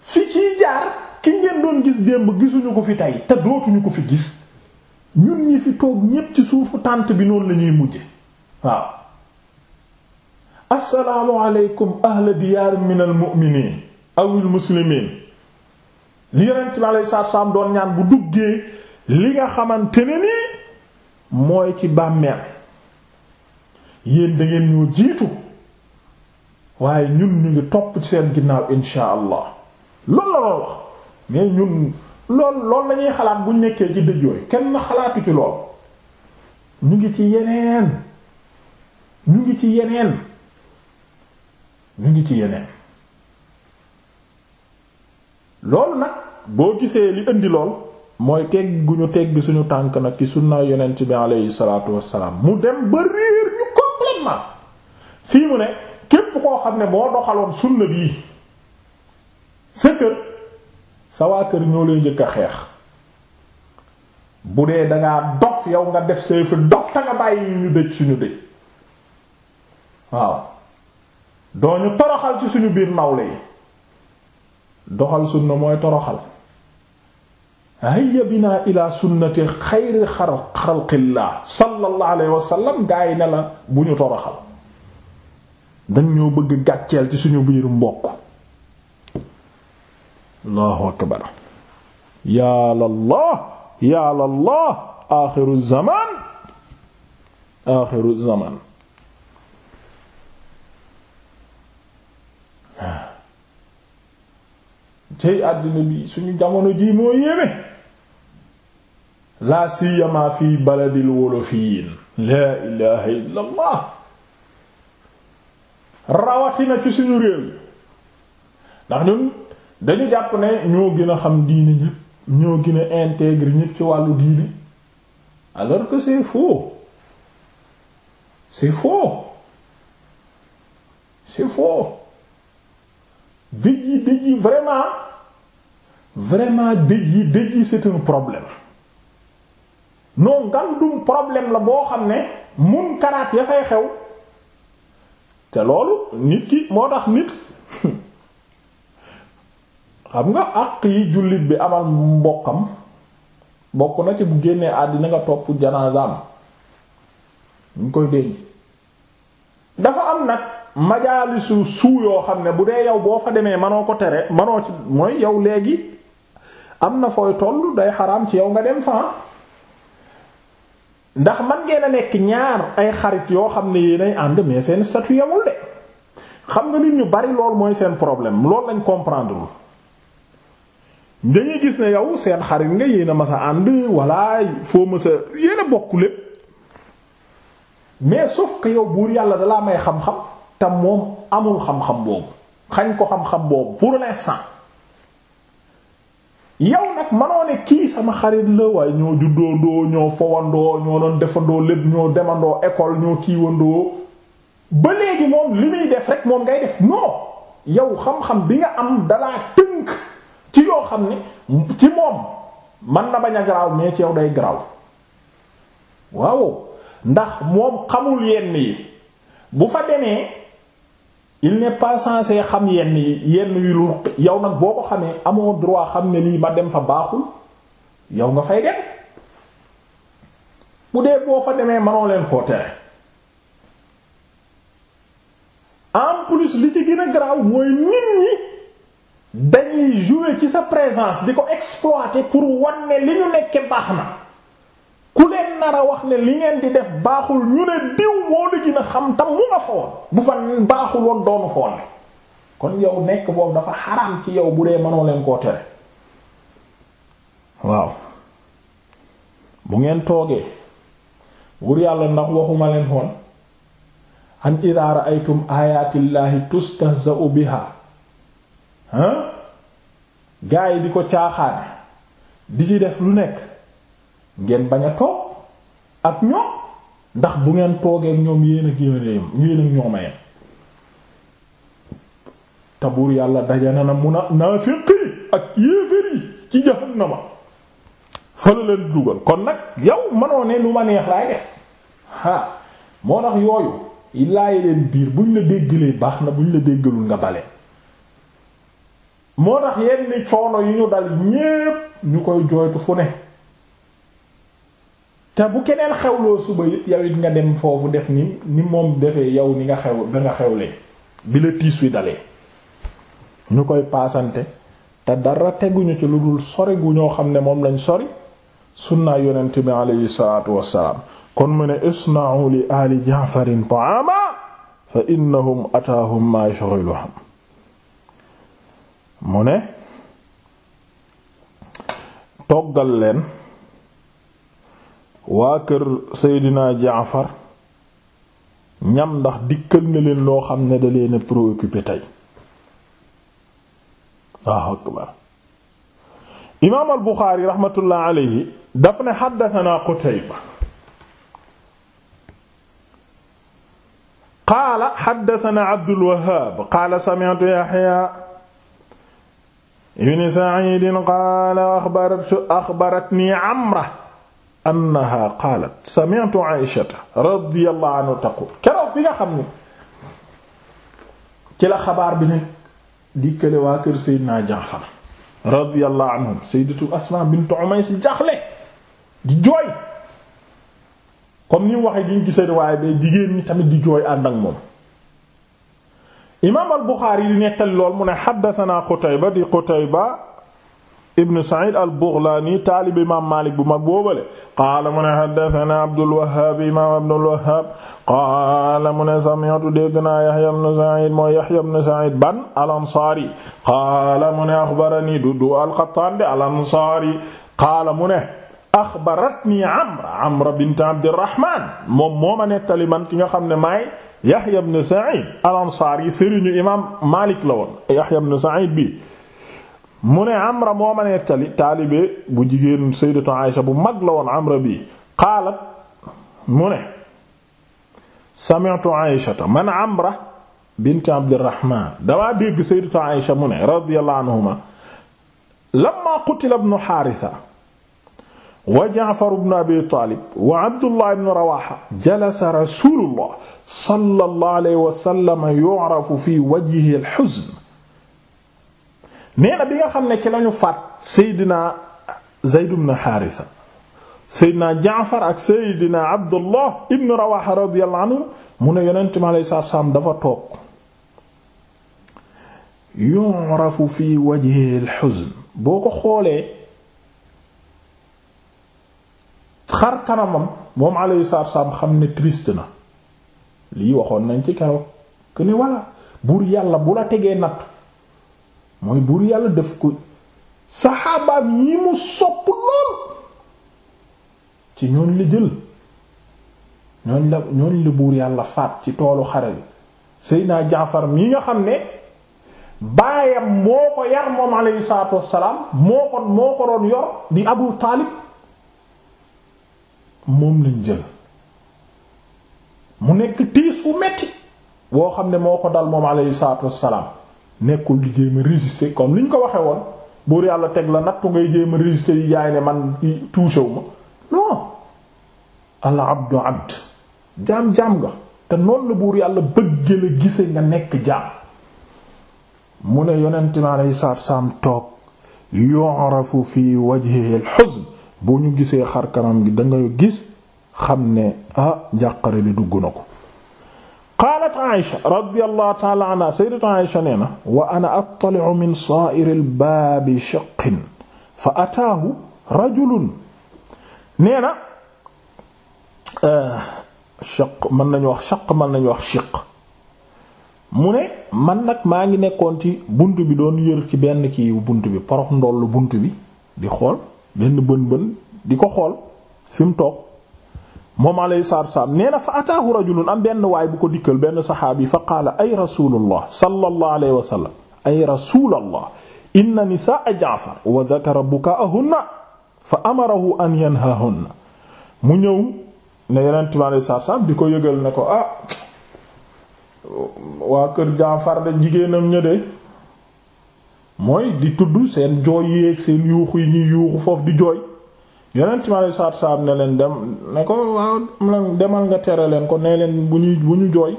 fi kiy jaar ki ngeen doon gis démb gisuñu ko fi tey te dootuñu ko fi gis ñun ñi fi toog ñépp ci suufu tànt bi noonu lañuy ñuy mujje waaw assalaamu aleykum ahla diyaar min al mu'miniin awil muslimiin li yonent bi aleyhi salaatu salaam doon ñaan bu duggee li nga xamante ne mooy ci bàmmeel yéen da ngeen ñoo jiitu waaye ñun ñu ngi topp ci seen ginnaaw insha allah loolu la lool wax mais ñun lool loolu lañuy xalaat buñ nekkee ci dëjooy kenn xalaatu ci lool ñu ngi ci yeneen ñu ngi ci yeneen ñu ngi ci yeneen loolu nag boo gisee li indi lool mooy tegg gu ñu tegg suñu tànk nag ci sunna yonent bi aleyhi salaatu wassalaam mu dem ba réer ñu complètement fii mu ne képp koo xam ne boo doxaloon sunna bii sa kër sa waa kër ñoo lay jëkk a xeex bu dee dangaa dof yow nga def say fi dof ta nga bàyyi ñu dëj suñu dëj waaw doo ñu toroxal ci suñu biir nawle yi doxal sunna mooy toroxal hayya bina ila sunnati xayri xalqillah sallallahu alayhi wa sallam gaa yi ne la bu ñu toroxal dang ñoo bëgg gàcceel ci suñu biir mbokk allahu akbar yaa lallah yaa lallah aaxiru zamaan aaxiru zamaan cey àddina bi suñu jamono ji moo yéeme laa siyama fi baladil wolofiin laa ilaaha illallah rawatina ci suñu réew ndax ñun dañu jàpp ne ñoo gën a xam diine ñépp ñoo gën a intègre ñépp ci wàllu diine alors que c'est faux c'est faux c'est faux yi dëj yi vraiment vraiment dëj yi dëj yi c'est un problème non ngandum problème la boo xam ne munkaraat ya fay xew te loolu nit ki moo tax nit xam nga àq yi jullit bi amal mbokkam bokk na ci bu génnee àddina nga topp janaazam ñu koy denc dafa am nag majaalisu suu yoo xam ne bu dee yow boo fa demee manoo ko tere manoo ci mooy yow léegi am na fooy toll day xaram ci yow nga dem fa ndax man ngeen a nekk ñaar ay xarit yoo xam ne yéenay ànd mais seen statut yamul de xam nga nit ñu bari loolu mooy seen problème loolu lañ comprendre lul dañuy gis ne yow seen xarit nga yéen a mas a ànd walla foo mas a yéen a bokk lépp mais sauf que yow buur yàlla dalaa may xam-xam te moom amul xam-xam boobu xañ ko xam-xam boobu pour l'instant yow nag manoo ne kii sama xarit la waaye ñoo juddoondoo ñoo fowandoo ñoo doon defandoo lépp ñoo demandoo école ñoo kiiwandoo ba léegi moom li muy def rek moom ngay def non yow xam-xam bi nga am dalaa tënk ci yoo xam ne ci moom man na bañ a garaaw mais ci yow day garaaw waaw ndax moom xamul yenn yi bu fa demee il n'est pas xam yenn yi yenn yu lu yow nag boo ko xamee amoo droit xam ne lii ma dem fa baaxul yow nga fay dem bu dee boo fa demee manoo leen koo tere en plus li ci gën a garaaw mooy nit ñi dañuy jouer ci sa présence di ko exploiter pour wane li ñu nekke baax na ku leen nar wax ne li ngeen di def baaxul ñu ne diw moo la gën xam tam mu nga fa woon bu fa baaxul woon doonu foon ne kon yow nekk foofu dafa xaraam ci yow bu dee mënoo leen koo tere waaw bu ngeen toogee wur yàlla ndax waxuma leen xoon an idha ra'aytum ayatillahi tustahza'u biha ha gaa yi di ko caaxaane di ci def lu nekk ngeen bañ a toog ak ñoom ndax bu ngeen toogee ak ñoom yéen ak yéen yéen ak buur yàlla daja na mun a naafiqi ak yéeféer yi ci jahannama fa dugal kon nag yow mënoo ne lu ma neex laay def ah moo tax yooyu laay leen biir buñ la déggalee baax na buñ la déggalul nga bale moo tax yenn coono yu ñu dal ñépp ñu koy jooytu fu ne. te bu keneen xewloo suba it yow it nga dem foofu def nii ni moom defee yow ni nga xew ba nga xewlee bi la tiis wi dalee ñu koy paasante te dara teguñu ci lu dul sori gu ñoo xam ne moom lañ sori sunnaa yonent bi aleyhi salaatu wassalaam kon mu ne isna'u li ali ja'farin ta'ama fa innahum mu ne toggal leen waa kër Seydina Jaafar ñam ndax dikkal na leen loo xam ne da leen a tey imaam al Buxaari raxmatullah alayhi daf ne xaddatanaa Qutayba qaala xaddatanaa Abdul Wahhaab qaala sami'tu Yaxya ibn Sa'iid qaala axbaratnii Amra annaha qaalat sami'tu Aysata radiyallahu anha taqul xam ne la xabaar bi nag dikkale waa kër Seydina Jaafar radiyallahu anhum ni mu waaye jigéen ñi tamit di jooy ànd ak moom. imaam al di nettali lool mu ne haddathanaa Qutayba di Qutayba ibn Sa'id al-Baghlani taalib imaam Maalik bu mag boobale qaala mu ne haddathana Abdul Wahhab imaam Abdul Wahhab qaala mu ne sami'tu dégg naa Yahya ibn Sa'id mooy Yahya ibn Sa'id ban al-Ansaari qaala mu ne axbarani Dudu al-Qattaan de al-Ansaari qaala mu ne axbaratni Amra Amra bint Abdirrahmaan moom moo ma nettali man ki nga xam ne maay Yahya ibn Sa'id al-Ansaari sëriñu imaam Maalik la woon Yahya ibn Sa'id bi mu ne amra moo ma nettali taalibe bu jigéen sayyidatu Aisha bu mag la woon amra bi qaalat mu ne sami'tu Aishata man amra bint Abdirahman damaa dégg sayyidatu Aisha mu ne radiyallahu anhuma lamma qutila ibnu Haarisa wa Ja'far ibnu Abi Taalib wa Abdullah ibnu Rawaaha jalasa rasuulullah sallallahu alayhi wa sallam yu'rafu fi wajhihi al-huzn nee na bi nga xam ne ci lañu faat seydina Zayd ibn Haarisa seydina Jaafar ak seydina Abdullah ibn Rawaha radiyallahu anhu mu ne yonent mi alayhi dafa toog yu'rafu fi wajhi al-huzn xoolee xar kanamam moom alayhi xam ne triste na lii waxoon nañ ci keroog que ni walla buur yàlla bu la tegee natt mooy buur yàlla def ko saxaabaam yi mu sopp lool ci ñooñ la jël ñooñ la ñooñ la buur yàlla faat ci toolu xare bi naa Jaafar mii nga xam ne baayam moo ko yar moom alayhi salaatu wassalaam moo di Abu Taalib moom lañ jël mu nekk tiis u metti boo xam ne moo ko dal moom alayhi salaatu wassalaam nekkul di jéem a résister comme li ñu ko waxee woon buur yàlla teg la nattu ngay jéem a résister yi jaay ne man touché wu ma non al abdu abd jaam-jaam nga te noonu la buur yàlla bëgge la gise nga nekk jaam mu ne yonent mi alayhi salaatu salaam toog yu'rafu fi wajhihi al bu ñu gisee xar kanam gi dangay gis xam ne ah njàqare li dugg na ko sayyidat Aisha radiyallahu ta'ala anha sayyidat Aisha nee na wa ana attali'u min sa'ir al-baabi shaqqin fa ataahu rajulun nee na eh, shaq mën nañu wax shaq mën nañu wax shiq mu ne man nag maa ngi nekkoon ci bunt bi doon yër ci benn kii bunt bi porox ndollu bunt bi di xool benn bën bën di ko xool fi mu toog moom alayhi salaatu wassalaam nee na fa ataahu rajulun am benn waay bu ko dikkal benn saxaabi fa qaala ay rasulullah sallallahu alayhi wa sallam ay rasulallah inna nisaa jaafar wa dakara bukaahunna fa amarahu mu ñëw ne di ko yëgal ne ko ah waa kër jaafar de jigéenam ña mooy di tudd seen jooy yéeg seen yuuxu yi ñuy yuuxu foofu di jooy yonent mi alayhi salaatu salaam ne leen dem ne ko waaw demal nga tere leen ko nee leen bu ñuy bu ñu jooy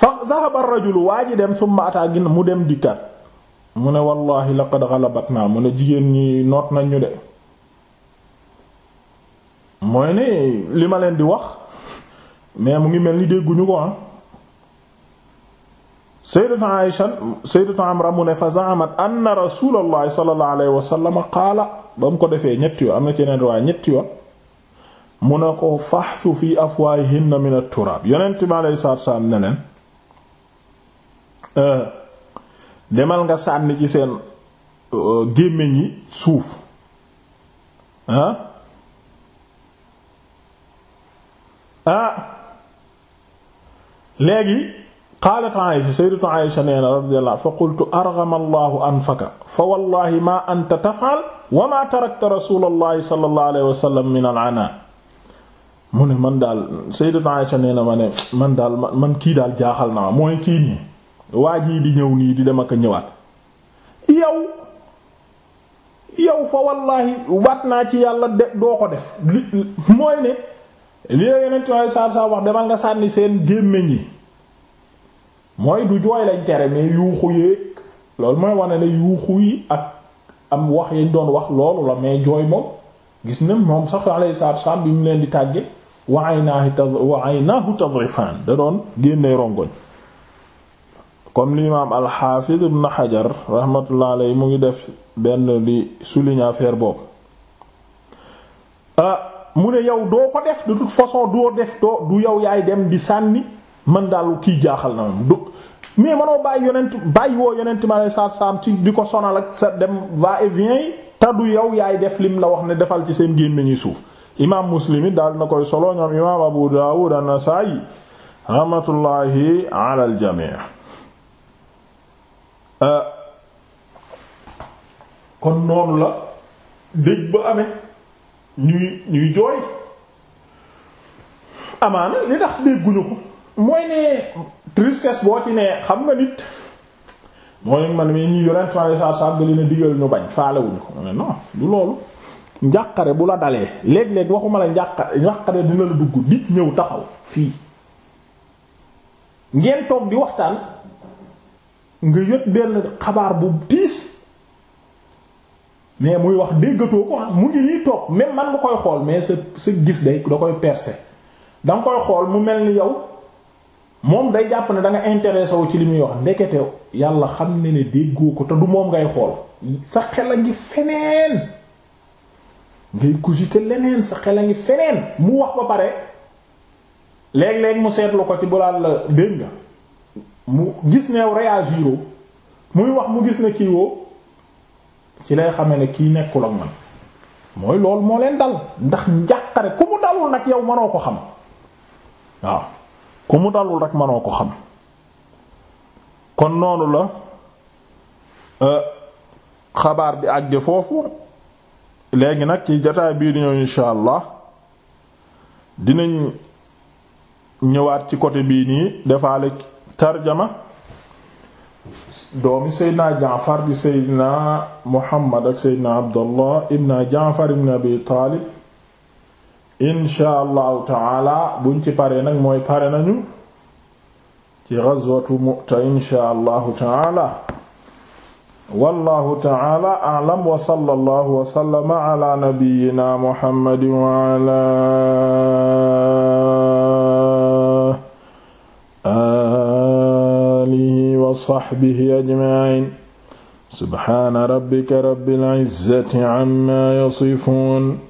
fa dhahaba rajulu waa ji dem summa ataa gin mu dem dikkat mu ne wallahi laqad ghalabatna mu ne jigéen ñi noot nañ ñu de mooy ne li ma leen di wax mais mu ngi mel ni dégguñu ko ah sayyidatu Aisha sayyidatu mu ne fa za'amat anna rasulallahi sallallahu alayhi wa ba mu ko defee ñetti yoon am na ci yeneen riwaaya ñetti yoon mu ne ko fahshu fi afwaahihinna min at-turaab yonent mi alayhi salaatu salaam ne euh, demal nga sànni ci seen euh, gémmiñ yi suuf ah léegi qaalat Aïsha sayyidatu Aïsha nee na radiyallahu fa qultu arghama Allahu anfaka fa wallahi ma anta taf'al wa ma tarakta rasulallahi sallallahu alayhi wa sallam min al-ana mu ne man daal sayyidatu Aïsha nee na ma ne man daal man kii daal jaaxal na ma mooy kii nii waa jii di ñëw nii di dem ak a ñëwaat yow yow fa wallahi waat naa ci yàlla de doo ko def mooy ne li yeneen tuwaay saab saab wax demal nga sànni seen gémmiñ yi mooy du jooy lañ tere mais yuuxu yéeg loolu mooy wane ne yuuxu yi ak am wax yañ doon wax loolu la mais jooy moom gis na moom sax alayhi salaatu wasallam bi mu leen di tàgge wa aynaahu ta wa aynaahu tadrifaan da doon génne rongoñ comme l'imam al-Hafiz ibn Hajar rahmatullah alayhi mu ngi def benn di souligner affaire boobu ah, mu ne yow doo ko def de toute façon doo def doo du yow yaay dem di sànni man daal kii jaaxal na moom du manoo bàyyi yonent bàyyi woo yonent ma lay saat saam ci di ko sonal ak sa dem va et vient yi taddu yow yaay def lim la wax ne defal ci seen gémmiñu suuf imaam muslim it daal na koy solo ñoom imaam abu daawud an-nasaa'i rahmatullahi ala euh, kon noonu la dëj ba amee ñuy ñuy jooy amaana li tax dégguñu ko mooy ne tristesse boo ci ne xam nga nit mooy ne man mii ñii yonent ma saa saa nga leen digal ñu bañ faalewuñu ko ma non du loolu njàqare bu la dalee léeg-léeg waxuma la njàqare njàqare dina la dugg nit ñëw taxaw fii ngeen toog di waxtaan nga yot benn xabaar bu tiis mais muy wax déggatoo ko mu ngi nii toog même man nga koy xool mais sa sa gis day da koy percer danga koy xool mu mel ni yow moom day jàpp ne danga nga intéressé wu ci li muy wax ndekete yàlla xam ne ne déggoo ko te du moom ngay xool sa xel a ngi feneen ngay cogiter leneen sa xel a ngi feneen mu wax ba pare léeg-léeg mu seetlu ko ci bulaal la dégg nga mu gis ne réagiroo muy wax mu gis ne kii ci lay xame ne kii nekkul ak man mooy loolu moo leen dal ndax njàqare ku mu dalul nag yow mënoo ko xam waaw ku mu dalul rek mënoo ko xam kon noonu la euh, xabaar bi àgge foofu léegi nag ci jotaay bii di ñëw insha allah dinañ ñëwaat ci côté bii nii la tarjama doomi seydina jaafar di seydina muhammad ak seydina abdallah ibna jaafar ibn abi taalib insha allahu taala buñ ci pare nag mooy pare nañu ci ghazwatu Mu'ta insha allahu taala wallahu taala a'lam wa sallallahu wa sallama ala nabiyyina Muhammad wa ala alihi wa sahbihi ajma'in subhana rabbika rabbil izzati amma yasifun